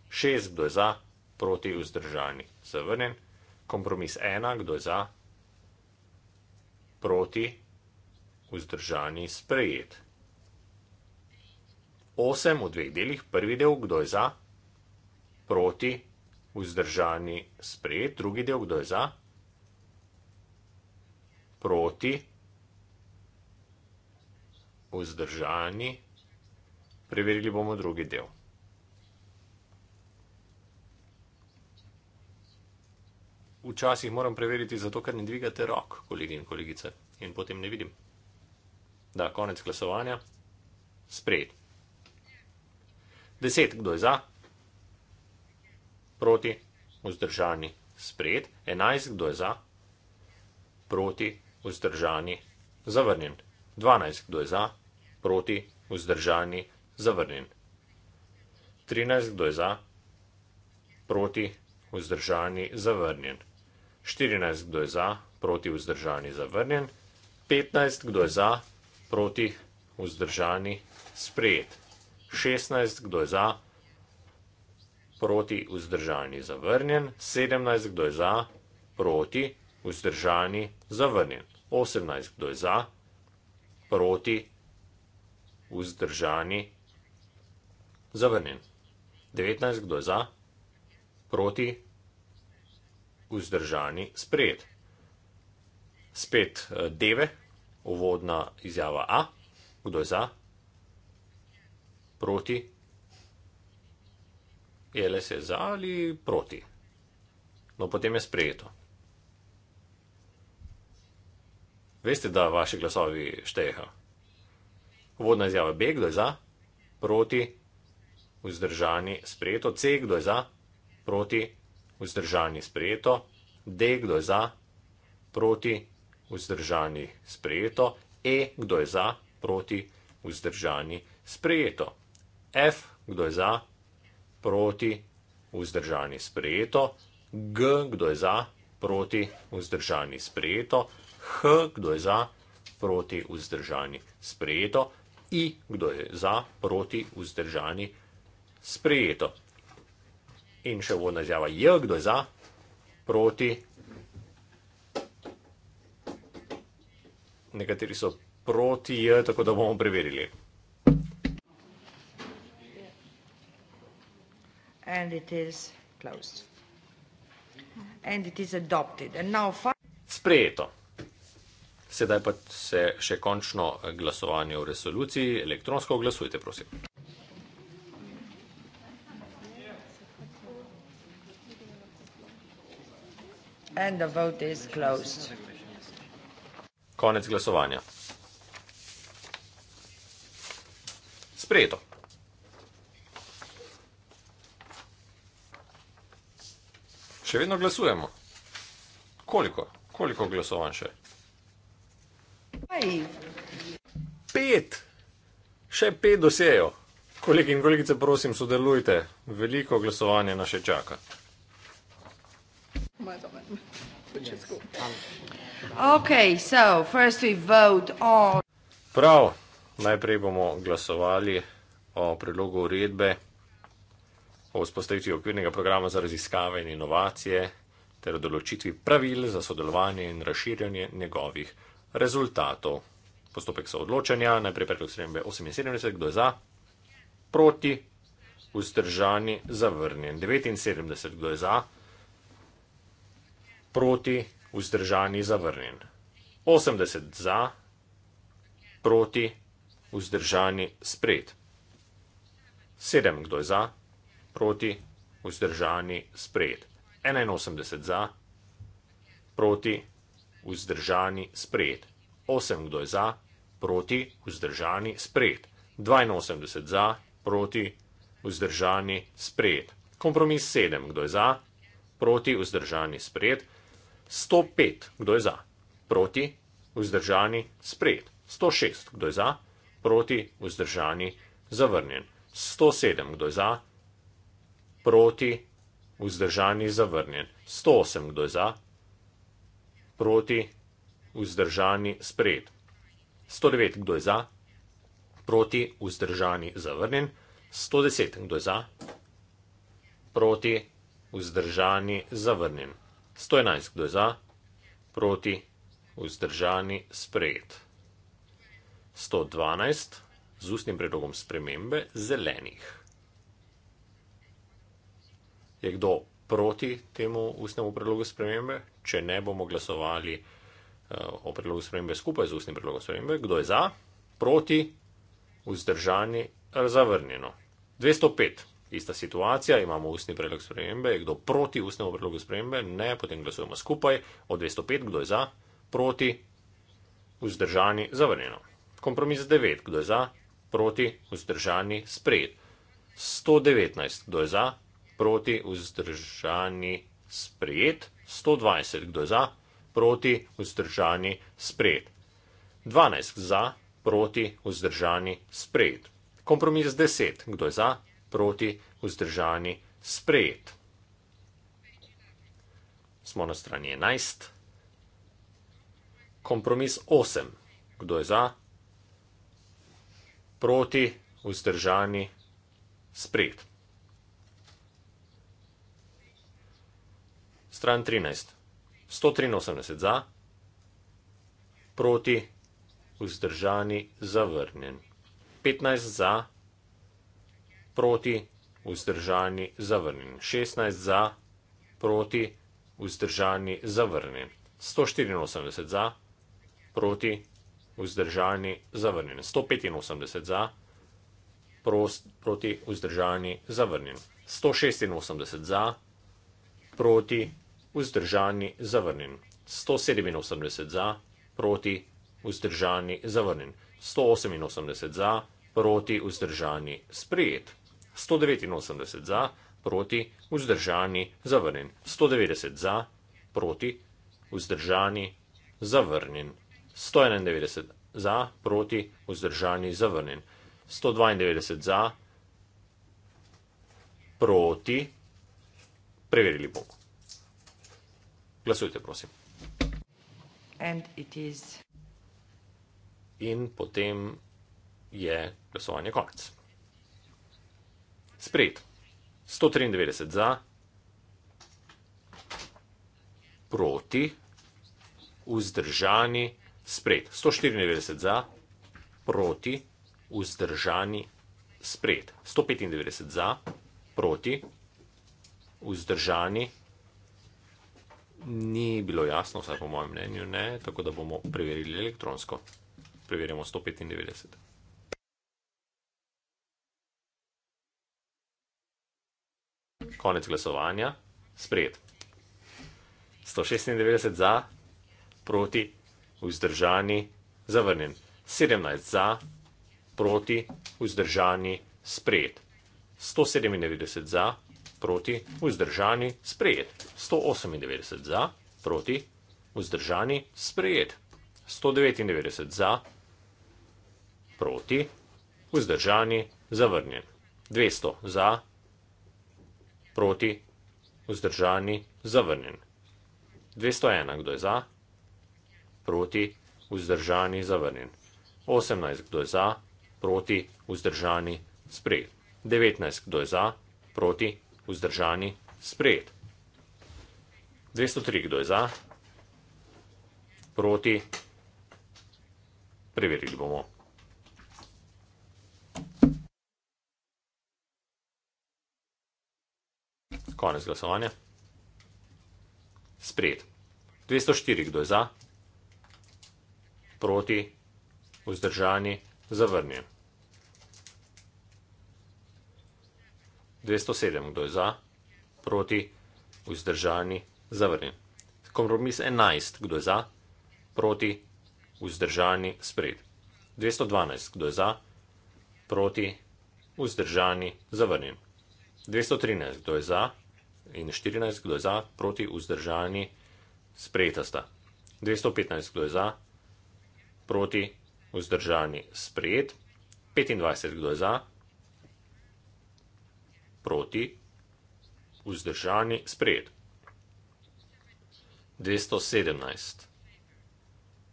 Šest, kdo je za, proti vzdržani, zavrnjen. Kompromis ena, kdo je za, proti vzdržani, sprejet. Osem v dveh delih, prvi del, kdo je za, proti vzdržani, sprejet, drugi del, kdo je za, proti vzdržani, sprejet. Preverili bomo drugi del. Včasih moram preveriti zato, ker ne dvigate rok, kolegi in kolegice, in potem ne vidim. Da, konec glasovanja. Sprejet. Deset, kdo je za? Proti, vzdržani, sprejet. Enajst, kdo je za? Proti, vzdržani, zavrnjen. Dvanajst, kdo je za? Proti, vzdržani, zavrnjen zavrnjen. 13, kdo je za? Proti, vzdržani, zavrnjen. 14, kdo je za? Proti, vzdržani, zavrnjen. 15, kdo je za? Proti, vzdržani, sprejet. 16, kdo je za? Proti, vzdržani, zavrnjen. 17, kdo je za? Proti, vzdržani, zavrnjen. 18, kdo je za? Proti, vzdržani, zavrnjen. Zavrnjen. 19. Kdo je za? Proti? Vzdržani? Sprejet. Spet eh, deve. Uvodna izjava A. Kdo je za? Proti? Je le se za ali proti? No, potem je sprejeto. Veste, da vaši glasovi štejejo. Uvodna izjava B. Kdo je za? Proti? vzdržani sprejeto, C, kdo je za, proti, vzdržani sprejeto, D, kdo je za, proti, vzdržani sprejeto, E, kdo je za, proti, vzdržani sprejeto, F, kdo je za, proti, vzdržani sprejeto, G, kdo je za, proti, vzdržani sprejeto, H, kdo je za, proti, vzdržani sprejeto, I, kdo je za, proti, vzdržani sprejeto sprejeto. In še vodna izjava je, kdo je za, proti. Nekateri so proti, tako da bomo preverili. Sprejeto. Sedaj pa se še končno glasovanje v resoluciji elektronsko glasujte, prosim. and the vote is closed. Konec glasovanja. Sprejeto. Še vedno glasujemo. Koliko? Koliko glasovanj še? Pet. Še pet dosejo. Kolegi in kolegice, prosim, sodelujte. Veliko glasovanje nas še čaka compromise on it, which yes. is cool. Okay, so first we vote on. Prav, najprej bomo glasovali o predlogu uredbe o vzpostavitvi okvirnega programa za raziskave in inovacije ter o določitvi pravil za sodelovanje in razširjanje njegovih rezultatov. Postopek so odločanja, najprej predlog sprembe 78, kdo je za, proti, vzdržani, zavrnjen, 79, kdo je za, proti, vzdržani, zavrnjen. 80 za, proti, vzdržani, sprejet. 7 kdo je za, proti, vzdržani, sprejet. 81 za, proti, vzdržani, sprejet. 8 kdo je za, proti, vzdržani, sprejet. 82 za, proti, vzdržani, sprejet. Kompromis 7 kdo je za, proti, vzdržani, sprejet. 105, kdo je za, proti, vzdržani, sprejet. 106, kdo je za, proti, vzdržani, zavrnjen. 107, kdo je za, proti, vzdržani, zavrnjen. 108, kdo je za, proti, vzdržani, sprejet. 109, kdo je za, proti, vzdržani, zavrnjen. 110, kdo je za, proti, vzdržani, zavrnjen. 111, kdo je za, proti, vzdržani, sprejet. 112, z ustnim predlogom spremembe, zelenih. Je kdo proti temu ustnemu predlogu spremembe? Če ne bomo glasovali uh, o predlogu spremembe skupaj z ustnim predlogom spremembe, kdo je za, proti, vzdržani, zavrnjeno. 205 ista situacija, imamo ustni predlog spremembe, kdo proti ustnemu predlogu spremembe, ne, potem glasujemo skupaj, od 205, kdo je za, proti, vzdržani, zavrnjeno. Kompromis 9, kdo je za, proti, vzdržani, sprejet. 119, kdo je za, proti, vzdržani, sprejet. 120, kdo je za, proti, vzdržani, sprejet. 12, za, proti, vzdržani, sprejet. Kompromis 10, kdo je za, proti vzdržani sprejet. Smo na strani 11. Kompromis 8. Kdo je za? Proti vzdržani sprejet. Stran 13. 183 za. Proti vzdržani zavrnjen. 15 za proti, vzdržani, zavrnjen. 16 za, proti, vzdržani, zavrnjen. 184 za, proti, vzdržani, zavrnjen. 185 za, prost, proti, vzdržani, zavrnjen. 186 za, proti, vzdržani, zavrnjen. 187 za, proti, vzdržani, zavrnjen. 188 za, proti, vzdržani, sprijet. 189 za, proti, vzdržani, zavrnjen. 190 za, proti, vzdržani, zavrnjen. 191 za, proti, vzdržani, zavrnjen. 192 za, proti, preverili bomo. Glasujte, prosim. In potem je glasovanje konec. Sprejet. 193 za, proti, vzdržani, sprejet. 194 za, proti, vzdržani, sprejet. 195 za, proti, vzdržani. Ni bilo jasno, vsaj po mojem mnenju ne, tako da bomo preverili elektronsko. Preverjamo 195. konec glasovanja, sprejet. 196 za, proti, vzdržani, zavrnjen. 17 za, proti, vzdržani, sprejet. 197 za, proti, vzdržani, sprejet. 198 za, proti, vzdržani, sprejet. 199 za, proti, vzdržani, zavrnjen. 200 za, proti, vzdržani, sprejet proti, vzdržani, zavrnjen. 201, kdo je za, proti, vzdržani, zavrnjen. 18, kdo je za, proti, vzdržani, sprejet. 19, kdo je za, proti, vzdržani, sprejet. 203, kdo je za, proti, preverili bomo. Konec glasovanja. Sprejet. 204, kdo je za? Proti, vzdržani, zavrnjen. 207, kdo je za? Proti, vzdržani, zavrnjen. Kompromis 11, kdo je za? Proti, vzdržani, spred. 212, kdo je za? Proti, vzdržani, zavrnjen. 213, kdo je za? Proti, vzdržani, zavrnjen in 14 glasov za proti vzdržani sprejeta sta. 215 glasov za proti vzdržani sprejet, 25 glasov za proti vzdržani sprejet. 217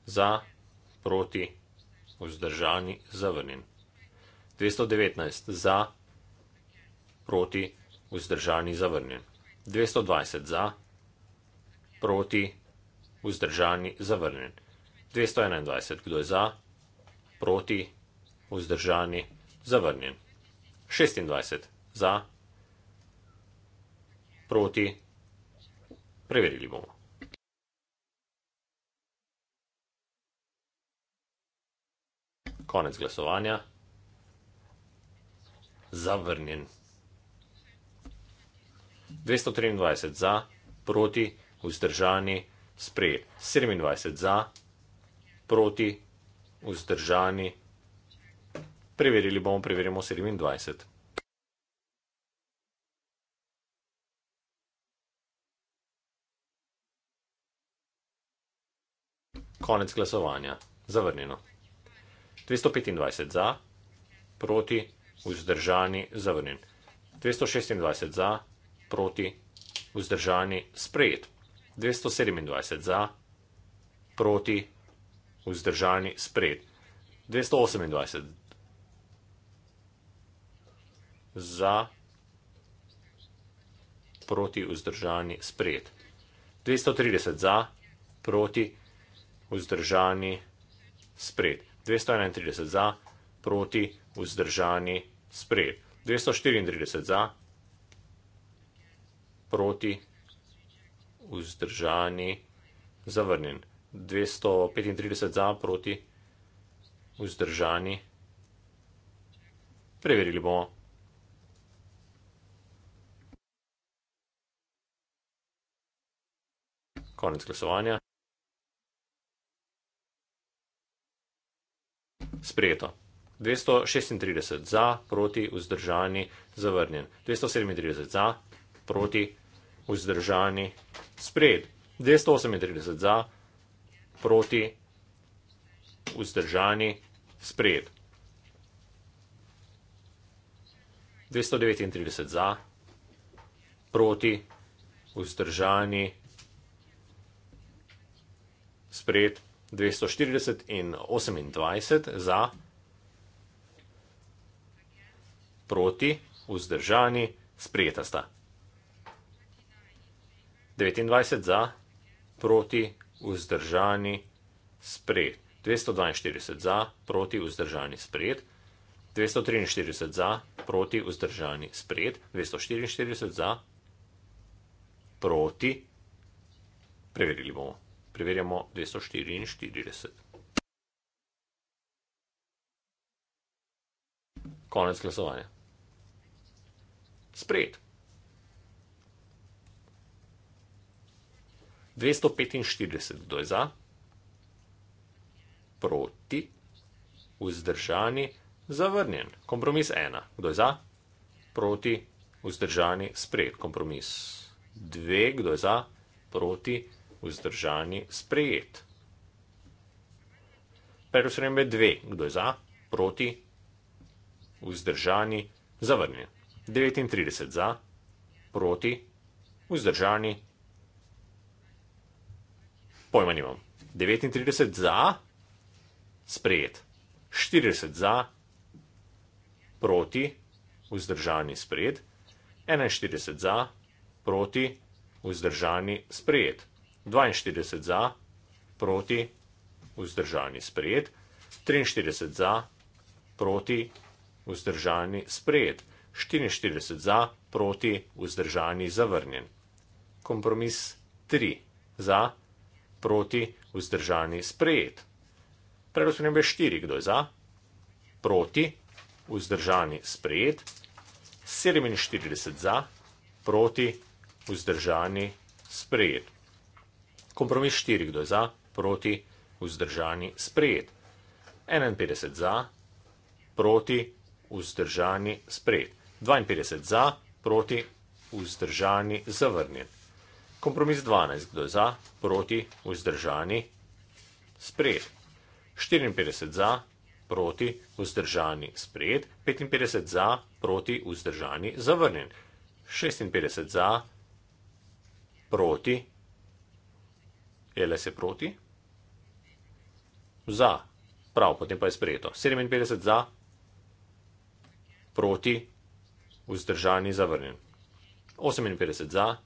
za proti vzdržani zavrnjen. 219 za proti vzdržani zavrnjen. 220 za, proti, vzdržani, zavrnjen. 221, kdo je za, proti, vzdržani, zavrnjen. 26 za, proti, preverili bomo. Konec glasovanja. Zavrnjen. 223 za, proti, vzdržani, sprejet. 27 za, proti, vzdržani. Preverili bomo, preverimo 27. Konec glasovanja. Zavrnjeno. 225 za, proti, vzdržani, zavrnjen. 226 za, proti, vzdržani proti, vzdržani, sprejet. 227 za, proti, vzdržani, sprejet. 228 za, proti, vzdržani, sprejet. 230 za, proti, vzdržani, sprejet. 231 za, proti, vzdržani, sprejet. 234 za, proti, vzdržani, zavrnjen. 235 za, proti, vzdržani. Preverili bomo. Konec glasovanja. Sprejeto. 236 za, proti, vzdržani, zavrnjen. 237 za proti vzdržani spred. 238 za, proti vzdržani spred. 239 za, proti vzdržani spred. 240 in 28 za, proti vzdržani spretasta. 29 za, proti, vzdržani, sprejet. 242 za, proti, vzdržani, sprejet. 243 za, proti, vzdržani, sprejet. 244 za, proti. Preverili bomo. Preverjamo 244. Konec glasovanja. Sprejet. 245, kdo je za? Proti, vzdržani, zavrnjen. Kompromis 1, kdo je za? Proti, vzdržani, sprejet. Kompromis 2, kdo je za? Proti, vzdržani, sprejet. Prvo srembe 2, kdo je za? Proti, vzdržani, zavrnjen. 39 za, proti, vzdržani, zavrnjen pojma nimam. 39 za, sprejet. 40 za, proti, vzdržani, sprejet. 41 za, proti, vzdržani, sprejet. 42 za, proti, vzdržani, sprejet. 43 za, proti, vzdržani, sprejet. 44 za, proti, vzdržani, zavrnjen. Kompromis 3 za, proti, vzdržani, sprejet. Predlog spremembe štiri, kdo je za, proti, vzdržani, sprejet, 47 za, proti, vzdržani, sprejet. Kompromis štiri, kdo je za, proti, vzdržani, sprejet. 51 za, proti, vzdržani, sprejet. 52 za, proti, vzdržani, zavrnjen. Kompromis 12, kdo je za, proti, vzdržani, sprejet. 54 za, proti, vzdržani, sprejet. 55 za, proti, vzdržani, zavrnjen. 56 za, proti, LS je proti, za, prav, potem pa je sprejeto. 57 za, proti, vzdržani, zavrnjen. 58 za, proti, vzdržani, zavrnjen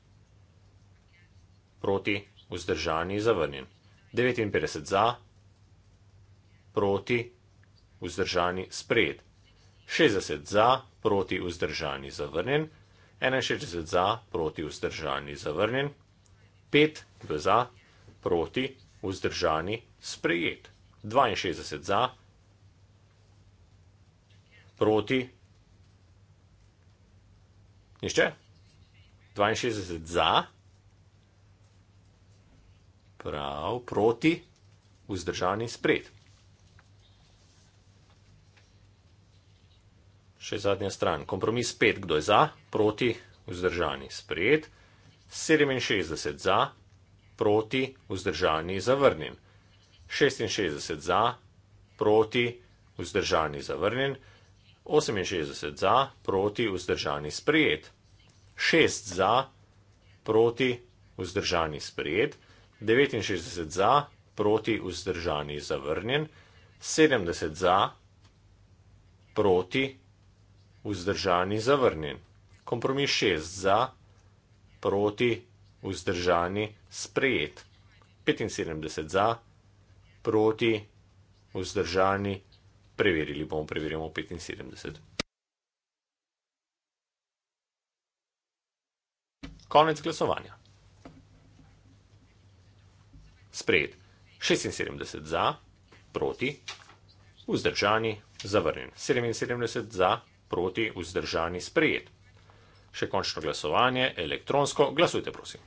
proti, vzdržani, zavrnjen. 59 za, proti, vzdržani, sprejet. 60 za, proti, vzdržani, zavrnjen. 61 za, proti, vzdržani, zavrnjen. 5 za, proti, vzdržani, sprejet. 62 za, proti. Nihče? 62 za, prav proti vzdržani spred. Še zadnja stran. Kompromis 5, kdo je za, proti vzdržani spred. 67 za, proti vzdržani zavrnjen. 66 za, proti vzdržani zavrnjen. 68 za, proti vzdržani sprejet. 6 za, proti vzdržani sprejet. 69 za, proti vzdržani zavrnjen, 70 za, proti vzdržani zavrnjen, kompromis 6 za, proti vzdržani sprejet, 75 za, proti vzdržani preverili bomo, preverimo 75. Konec glasovanja. Sprejet 76 za, proti, vzdržani, zavrnjen. 77 za, proti, vzdržani, sprejet. Še končno glasovanje, elektronsko, glasujte prosim.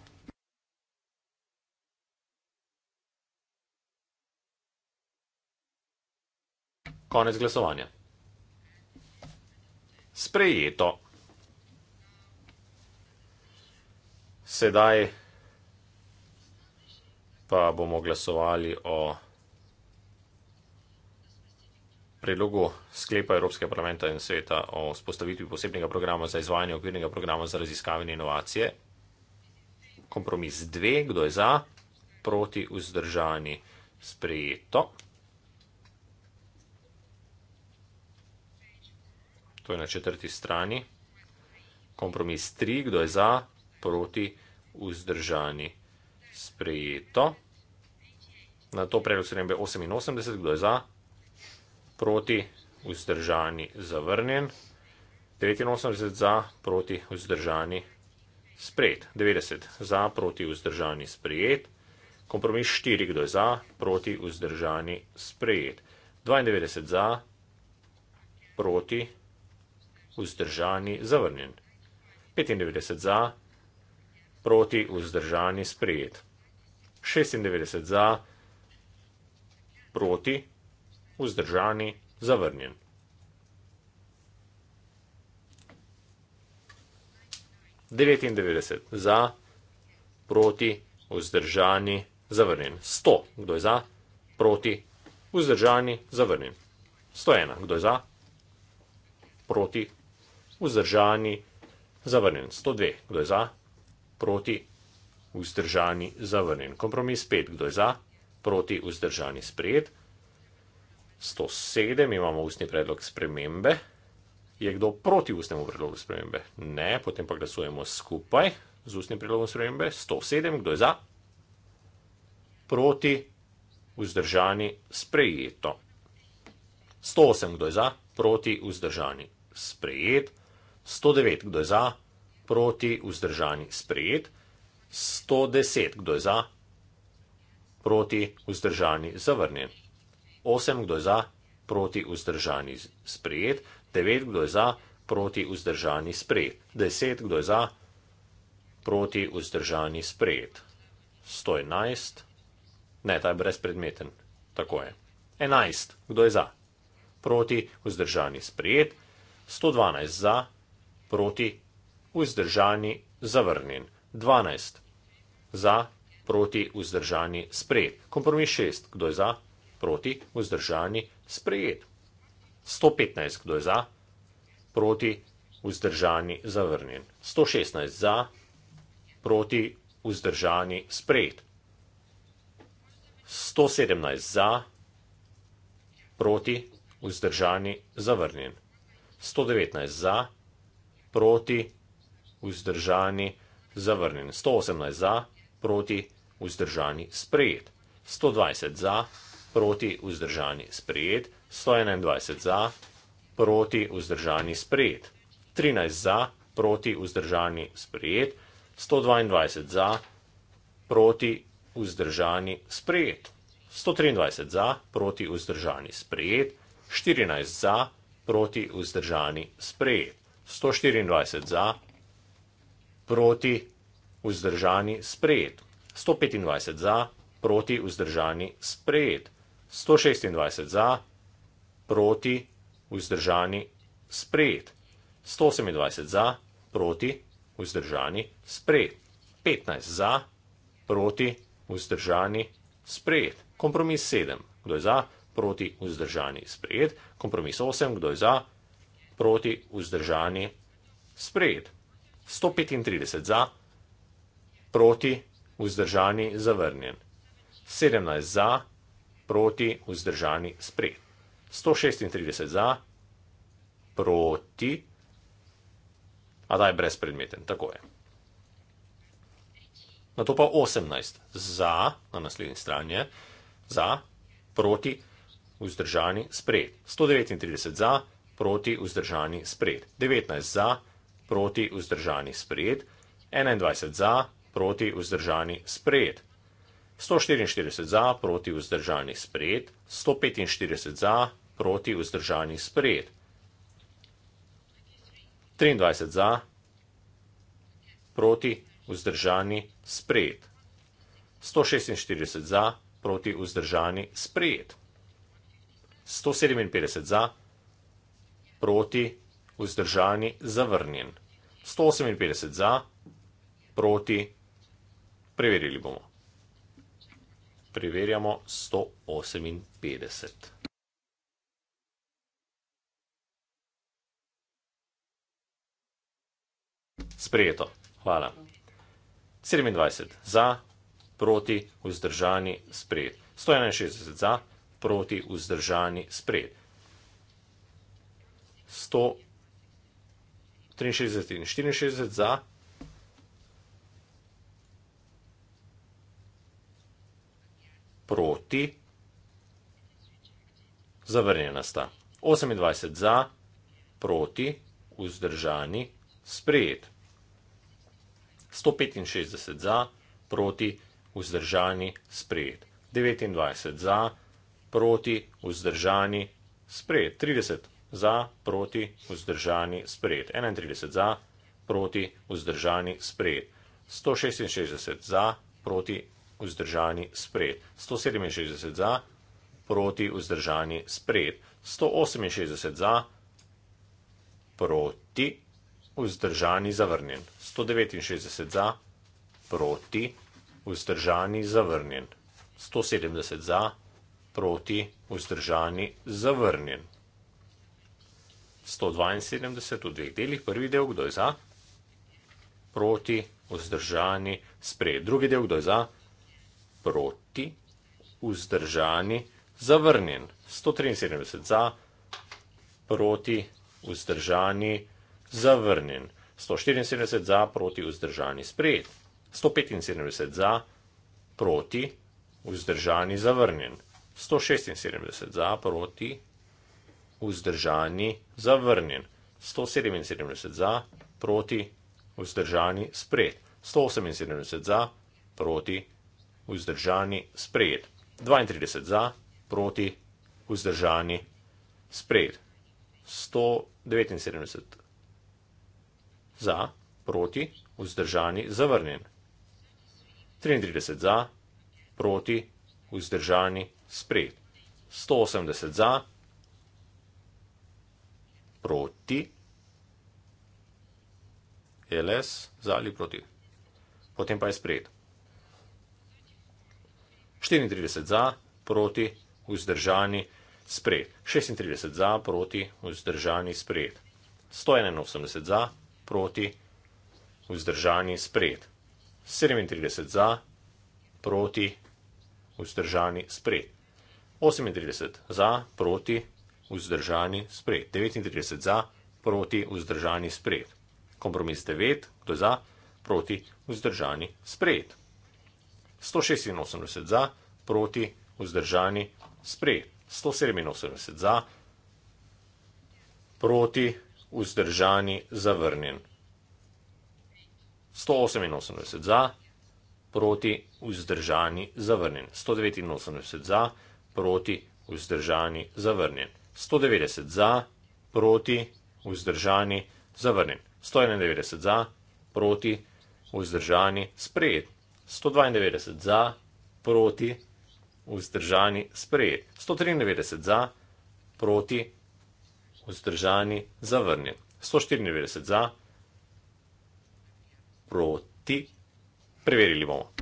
Konec glasovanja. Sprejeto. Sedaj pa bomo glasovali o predlogu sklepa Evropskega parlamenta in sveta o spostavitvi posebnega programa za izvajanje okvirnega programa za raziskave in inovacije. Kompromis 2, kdo je za, proti vzdržani sprejeto. To je na četrti strani. Kompromis 3, kdo je za, proti vzdržani sprejeto sprejeto. Na to predlog se nebe 88, kdo je za, proti, vzdržani, zavrnjen. 89 za, proti, vzdržani, sprejet. 90 za, proti, vzdržani, sprejet. Kompromis 4, kdo je za, proti, vzdržani, sprejet. 92 za, proti, vzdržani, zavrnjen. 95 za, proti, vzdržani, sprejet. 96 za, proti, vzdržani, zavrnjen. Devetindevetdeset za, proti, vzdržani, zavrnjen. Sto, kdo je za, proti, vzdržani, zavrnjen. Sto ena, kdo je za, proti, vzdržani, zavrnjen. Sto dve, kdo je za, proti, vzdržani, zavrnjen vzdržani zavrnjen. Kompromis 5, kdo je za, proti vzdržani sprejet. 107 imamo ustni predlog spremembe. Je kdo proti ustnemu predlogu spremembe? Ne, potem pa glasujemo skupaj z ustnim predlogom spremembe. 107, kdo je za, proti vzdržani sprejeto. 108, kdo je za, proti vzdržani sprejet. 109, kdo je za, proti vzdržani sprejet. 110, kdo je za, proti, vzdržani, zavrnjen. 8, kdo je za, proti, vzdržani, sprejet. 9, kdo je za, proti, vzdržani, sprejet. 10, kdo je za, proti, vzdržani, sprejet. 111, ne, ta je brezpredmeten, tako je. 11, kdo je za, proti, vzdržani, sprejet. 112 za, proti, vzdržani, zavrnjen. 12 za, proti, vzdržani, sprejet. Kompromis šest, kdo je za, proti, vzdržani, sprejet. 115, kdo je za, proti, vzdržani, zavrnjen. 116, za, proti, vzdržani, sprejet. 117, za, proti, vzdržani, zavrnjen. 119, za, proti, vzdržani, zavrnjen. 118, za, proti, vzdržani, zavrnjen proti, vzdržani, sprejet. 120 za, proti, vzdržani, sprejet. 121 za, proti, vzdržani, sprejet. 13 za, proti, vzdržani, sprejet. 122 za, proti, vzdržani, sprejet. 123 za, proti, vzdržani, sprejet. 14 za, proti, vzdržani, sprejet. 124 za, proti, vzdržani, sprejet vzdržani, sprejet. 125 za, proti, vzdržani, sprejet. 126 za, proti, vzdržani, sprejet. 128 za, proti, vzdržani, sprejet. 15 za, proti, vzdržani, sprejet. Kompromis 7, kdo je za, proti, vzdržani, sprejet. Kompromis 8, kdo je za, proti, vzdržani, sprejet. 135 za, proti, vzdržani, sprejet. 135 za, proti, vzdržani, zavrnjen. 17 za, proti, vzdržani, sprejet. 136 za, proti, a da je brezpredmeten, tako je. Na to pa 18 za, na naslednji strani je, za, proti, vzdržani, sprejet. 139 za, proti, vzdržani, sprejet. 19 za, proti, vzdržani, sprejet. 21 za, proti vzdržani sprejet. 144 za, proti vzdržani sprejet, 145 za, proti vzdržani sprejet. 23 za, proti vzdržani sprejet. 146 za, proti vzdržani sprejet. 157 za, proti vzdržani zavrnjen. 158 za, proti vzdržani sprejet. Preverili bomo. Preverjamo 158. Sprejeto. Hvala. 27 za, proti, vzdržani, sprejet. 161 za, proti, vzdržani, sprejet. 163 in 64 za, proti, zavrnjena sta. 28 za, proti, vzdržani, sprejet. 165 za, proti, vzdržani, sprejet. 29 za, proti, vzdržani, sprejet. 30 za, proti, vzdržani, sprejet. 31 za, proti, vzdržani, sprejet. 166 za, proti, vzdržani spred. 167 za, proti vzdržani spred. 168 za, proti vzdržani zavrnjen. 169 za, proti vzdržani zavrnjen. 170 za, proti vzdržani zavrnjen. 172 v dveh delih, prvi del, kdo je za, proti vzdržani spred. Drugi del, kdo je za, proti vzdržani spred proti, vzdržani, zavrnjen. 173 za, proti, vzdržani, zavrnjen. 174 za, proti, vzdržani, sprejet. 175 za, proti, vzdržani, zavrnjen. 176 za, proti, vzdržani, zavrnjen. 177 za, proti, vzdržani, sprejet. 178 za, proti, vzdržani, zavrnjen vzdržani, sprejet. 32 za, proti, vzdržani, sprejet. 179 za, proti, vzdržani, zavrnjen. 33 za, proti, vzdržani, sprejet. 180 za, proti, LS za ali proti. Potem pa je sprejet. 34 za, proti, vzdržani, sprejet. 36 za, proti, vzdržani, sprejet. 181 za, proti, vzdržani, sprejet. 37 za, proti, vzdržani, sprejet. 38 za, proti, vzdržani, sprejet. 39 za, proti, vzdržani, sprejet. Kompromis 9, kdo za, proti, vzdržani, sprejet. 186 za, proti, vzdržani, sprejet. 187 za, proti, vzdržani, zavrnjen. 188 za, proti, vzdržani, zavrnjen. 189 za, proti, vzdržani, zavrnjen. 190 za, proti, vzdržani, zavrnjen. 191 za, proti, vzdržani, sprejet. 192 za, proti, vzdržani, sprejet. 193 za, proti, vzdržani, zavrnjen. 194 za, proti, preverili bomo.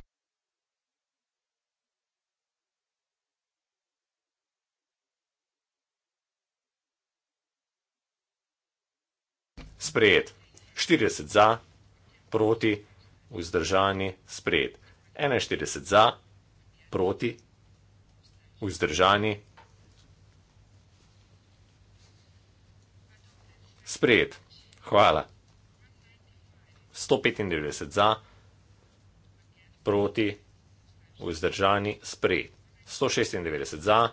Sprejet. 40 za, proti, vzdržani, sprejet. 41 za, proti, vzdržani, sprejet. Hvala. 195 za, proti, vzdržani, sprejet. 196 za,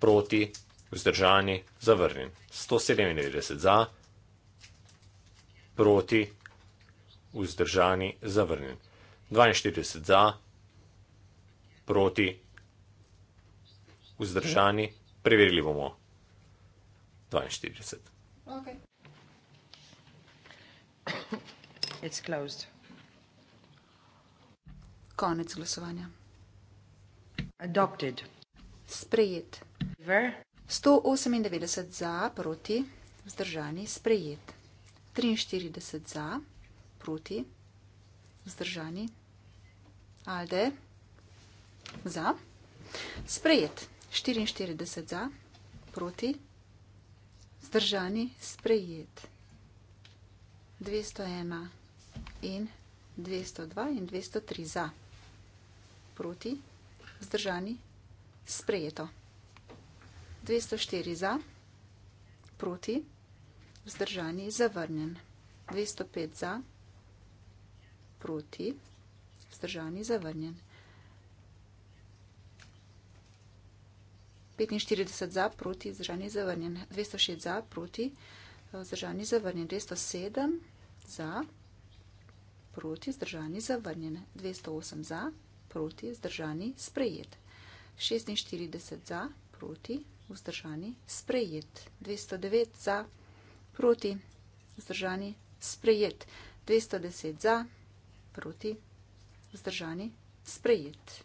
proti, vzdržani, zavrnjen. 197 za, proti, vzdržani vzdržani, zavrnjen. 42 za, proti, vzdržani, preverili bomo 42. Ok. Konec glasovanja. Adopted. Sprejet. 198 za, proti, vzdržani, sprejet. 43 za proti, vzdržani, alde, za, sprejet, 44 za, proti, vzdržani, sprejet, 201 in 202 in 203 za, proti, vzdržani, sprejeto, 204 za, proti, vzdržani, zavrnjen, 205 za, proti, proti, vzdržani, zavrnjen. 45 za, proti, vzdržani, zavrnjen. 206 za, proti, vzdržani, zavrnjen. 207 za, proti, vzdržani, zavrnjen. 208 za, proti, vzdržani, sprejet. 46 za, proti, vzdržani, sprejet. 209 za, proti, vzdržani, sprejet. 210 za, proti, vzdržani, sprejet. 210 za, proti, vzdržani, sprejet. 210 za, proti, vzdržani, sprejet. 210 za, proti, vzdržani, sprejet proti, vzdržani, sprejet.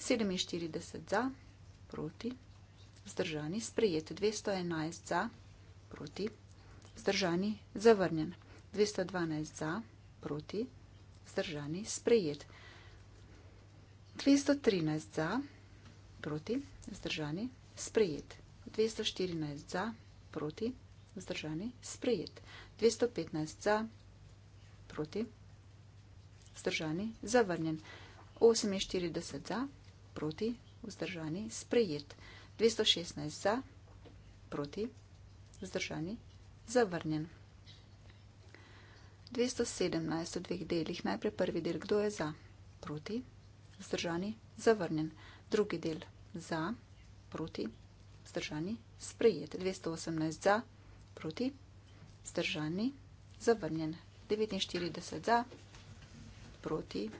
47 za, proti, vzdržani, sprejet. 211 za, proti, vzdržani, zavrnjen. 212 za, proti, vzdržani, sprejet. 213 za, proti, vzdržani, sprejet. 214 za, proti, vzdržani, sprejet. 215 za, proti, vzdržani, sprejet vzdržani, zavrnjen. 48 za, proti, vzdržani, sprejet. 216 za, proti, vzdržani, zavrnjen. 217 v dveh delih. Najprej prvi del, kdo je za, proti, vzdržani, zavrnjen. Drugi del, za, proti, vzdržani, sprejet. 218 za, proti, vzdržani, zavrnjen. 49 za, proti, vzdržani, zavrnjen. 49 za, proti, vzdržani, zavrnjen. 49 za, proti, vzdržani, zavrnjen proti,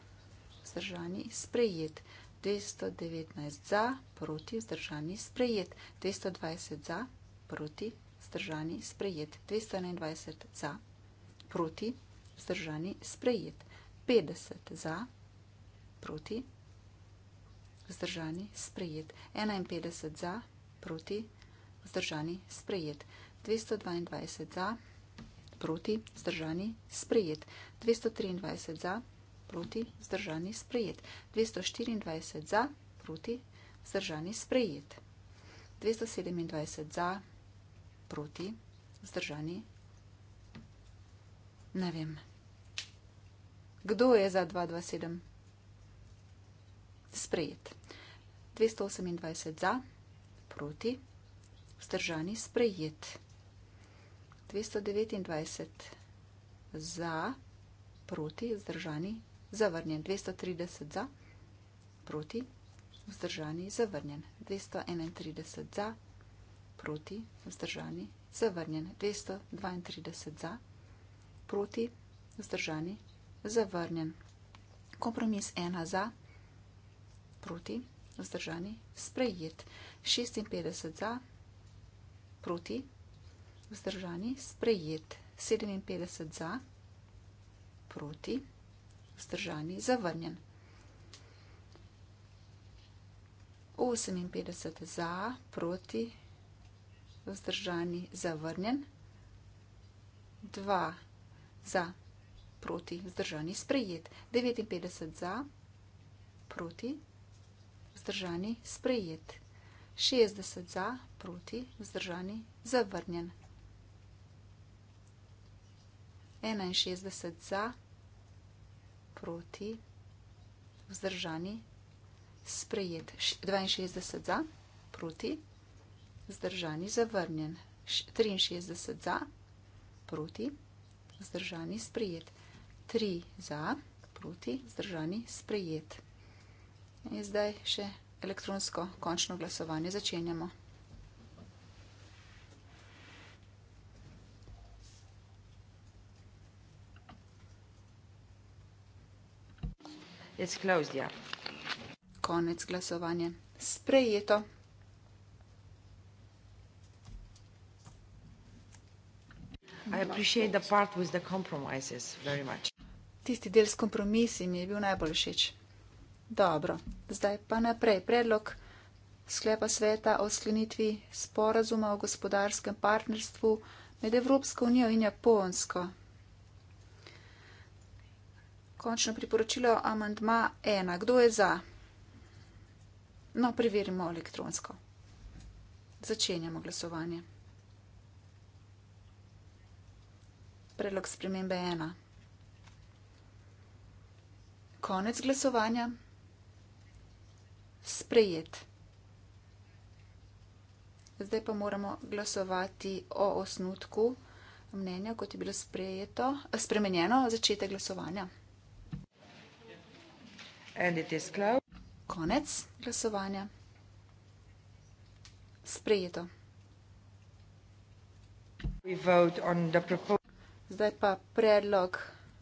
vzdržani, sprejet. 219 za, proti, vzdržani, sprejet. 220 za, proti, vzdržani, sprejet. 221 za, proti, vzdržani, sprejet. 50 za, proti, vzdržani, sprejet. 51 za, proti, vzdržani, sprejet. 222 za, proti, vzdržani, sprejet. 223 za, proti, vzdržani, sprejet proti, vzdržani sprejet. 224 za, proti, vzdržani sprejet. 227 za, proti, vzdržani. Ne vem. Kdo je za 227? Sprejet. 228 za, proti, vzdržani sprejet. 229 za, proti, vzdržani sprejet zavrnjen, 230 za, proti, vzdržani, zavrnjen, 231 za, proti, vzdržani, zavrnjen, 232 za, proti, vzdržani, zavrnjen, kompromis 1 za, proti, vzdržani, sprejet, 56 za, proti, vzdržani, sprejet, 57 za, proti, vzdržani, vzdržani, zavrnjen. 58 za, proti, vzdržani, zavrnjen. 2 za, proti, vzdržani, sprejet. 59 za, proti, vzdržani, sprejet. 60 za, proti, vzdržani, zavrnjen. 61 za, proti, vzdržani, zavrnjen proti, vzdržani, sprejet. 62 za, proti, vzdržani, zavrnjen. 63 za, proti, vzdržani, sprejet. 3 za, proti, vzdržani, sprejet. In zdaj še elektronsko končno glasovanje začenjamo. It's closed, yeah. Ja. Konec glasovanja. Sprejeto. I appreciate the part with the compromises very much. Tisti del s kompromisi mi je bil najbolj všeč. Dobro, zdaj pa naprej. Predlog sklepa sveta o sklenitvi sporazuma o gospodarskem partnerstvu med Evropsko unijo in Japonsko končno priporočilo amantma ena. Kdo je za? No, preverimo elektronsko. Začenjamo glasovanje. Predlog spremembe ena. Konec glasovanja. Sprejet. Zdaj pa moramo glasovati o osnutku mnenja, kot je bilo sprejeto, spremenjeno začetek glasovanja. Konec glasovanja. Sprejeto. Zdaj pa predlog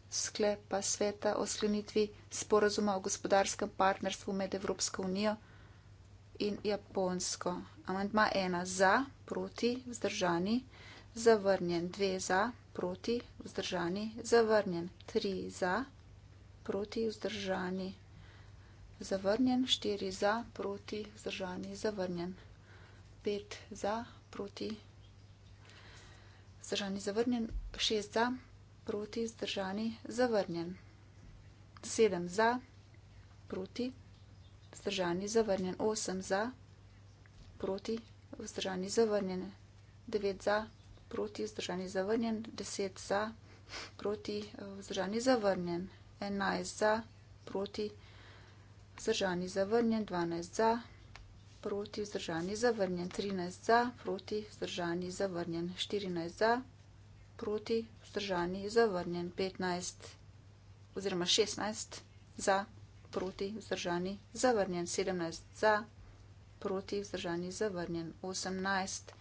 sklepa sveta o sklenitvi sporozuma o gospodarskem partnerstvu med Evropsko unijo in Japonsko. Amandma ena za, proti, vzdržani, zavrnjen. Dve za, proti, vzdržani, zavrnjen. Tri za, proti, vzdržani zavrnjen, 4 za, proti, zdržani, zavrnjen. 5 za, proti, zdržani, zavrnjen. 6 za, proti, zdržani, zavrnjen. 7 za, proti, zdržani, zavrnjen. 8 za, proti, zdržani, zavrnjen. 9 za, proti, zdržani, zavrnjen. 10 za, proti, zdržani, zavrnjen. 11 za, proti, zdržani, zavrnjen vzdržani zavrnjen, 12 za, proti vzdržani zavrnjen, 13 za, proti vzdržani zavrnjen, 14 za, proti vzdržani zavrnjen, 15 oziroma 16 za, proti vzdržani zavrnjen, 17 za, proti vzdržani zavrnjen, 18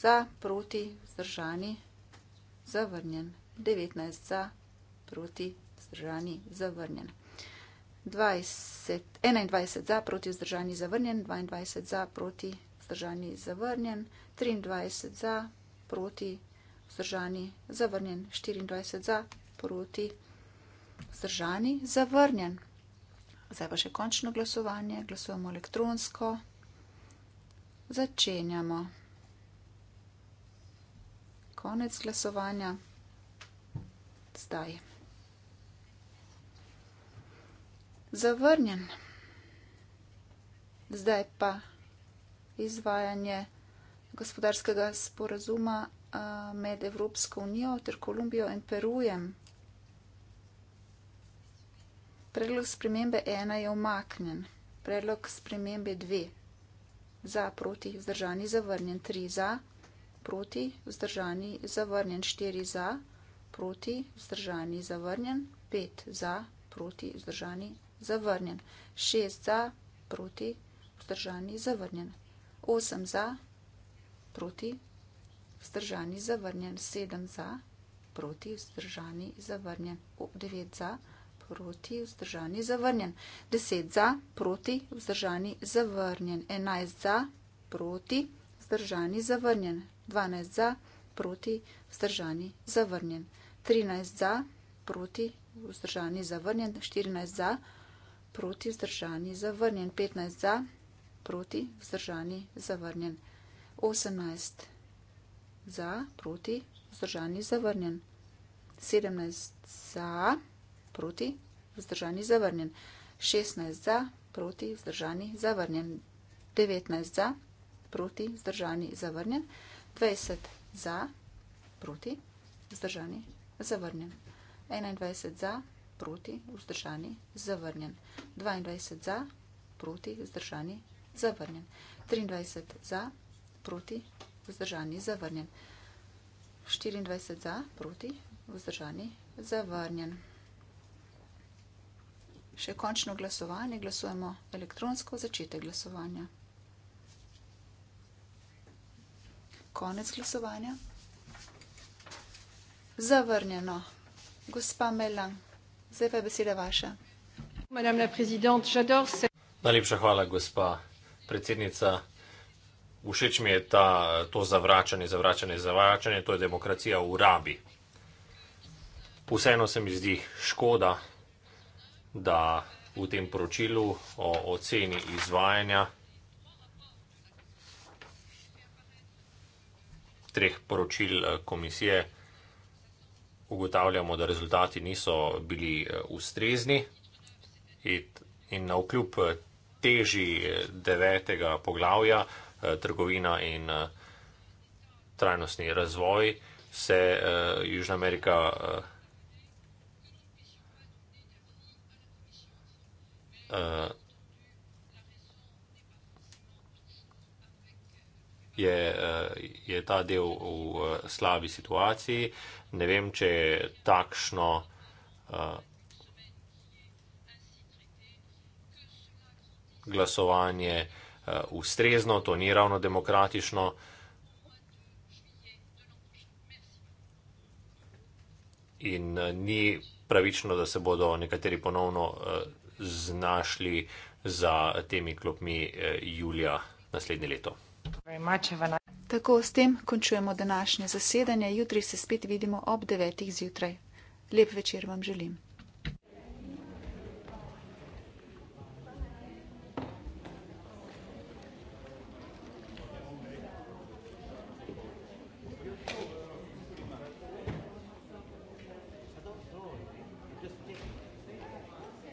za, proti vzdržani zavrnjen, 19 za, proti vzdržani zavrnjen. 20, 21 za proti vzdržanji zavrnjen, 22 za proti vzdržanji zavrnjen, 23 za proti vzdržanji zavrnjen, 24 za proti vzdržanji zavrnjen. Zdaj pa še končno glasovanje, glasujemo elektronsko. Začenjamo. Konec glasovanja. Zdaj je. zavrnjen. Zdaj pa izvajanje gospodarskega sporazuma med Evropsko unijo ter Kolumbijo in Perujem. Predlog spremembe ena je omaknjen, predlog spremembe dve za, proti, vzdržani, zavrnjen, tri za, proti, vzdržani, zavrnjen, štiri za, proti, vzdržani, zavrnjen, pet za, proti, vzdržani, zavrnjen. 6 za, proti, vzdržani, zavrnjen. 8 za, proti, vzdržani, zavrnjen. 7 za, proti, vzdržani, zavrnjen. 9 za, proti, vzdržani, zavrnjen. 10 za, proti, vzdržani, zavrnjen. 11 za, proti, vzdržani, zavrnjen. 12 za, proti, vzdržani, zavrnjen. 13 za, proti, vzdržani, zavrnjen. 14 za, proti, vzdržani, zavrnjen proti vzdržani, zavrnjen. 15 za, proti vzdržani, zavrnjen. 18 za, proti vzdržani, zavrnjen. 17 za, proti vzdržani, zavrnjen. 16 za, proti vzdržani, zavrnjen. 19 za, proti vzdržani, zavrnjen. 20 za, proti vzdržani, zavrnjen. 21 za, proti vzdržani, zavrnjen proti, vzdržani, zavrnjen. 22 za, proti, vzdržani, zavrnjen. 23 za, proti, vzdržani, zavrnjen. 24 za, proti, vzdržani, zavrnjen. Še končno glasovanje, glasujemo elektronsko začetek glasovanja. Konec glasovanja. Zavrnjeno. Gospa Melan, Zdaj pa je beseda vaša. Najlepša hvala, gospa predsednica. Všeč mi je ta, to zavračanje, zavračanje, zavračanje, to je demokracija v rabi. Vseeno se mi zdi škoda, da v tem poročilu o oceni izvajanja treh poročil eh, komisije ugotavljamo, da rezultati niso bili eh, ustrezni in na vkljub eh, teži eh, devetega poglavja trgovina in trajnostni razvoj se Južna Amerika Je, je ta del v slabi situaciji, Ne vem, če je takšno uh, glasovanje uh, ustrezno, to ni ravno demokratično. In eh, ni pravično, da se bodo nekateri ponovno znašli za temi klopmi julija naslednje leto. Tako s tem končujemo današnje zasedanje. Jutri se spet vidimo ob 9. zjutraj. Lep večer vam želim.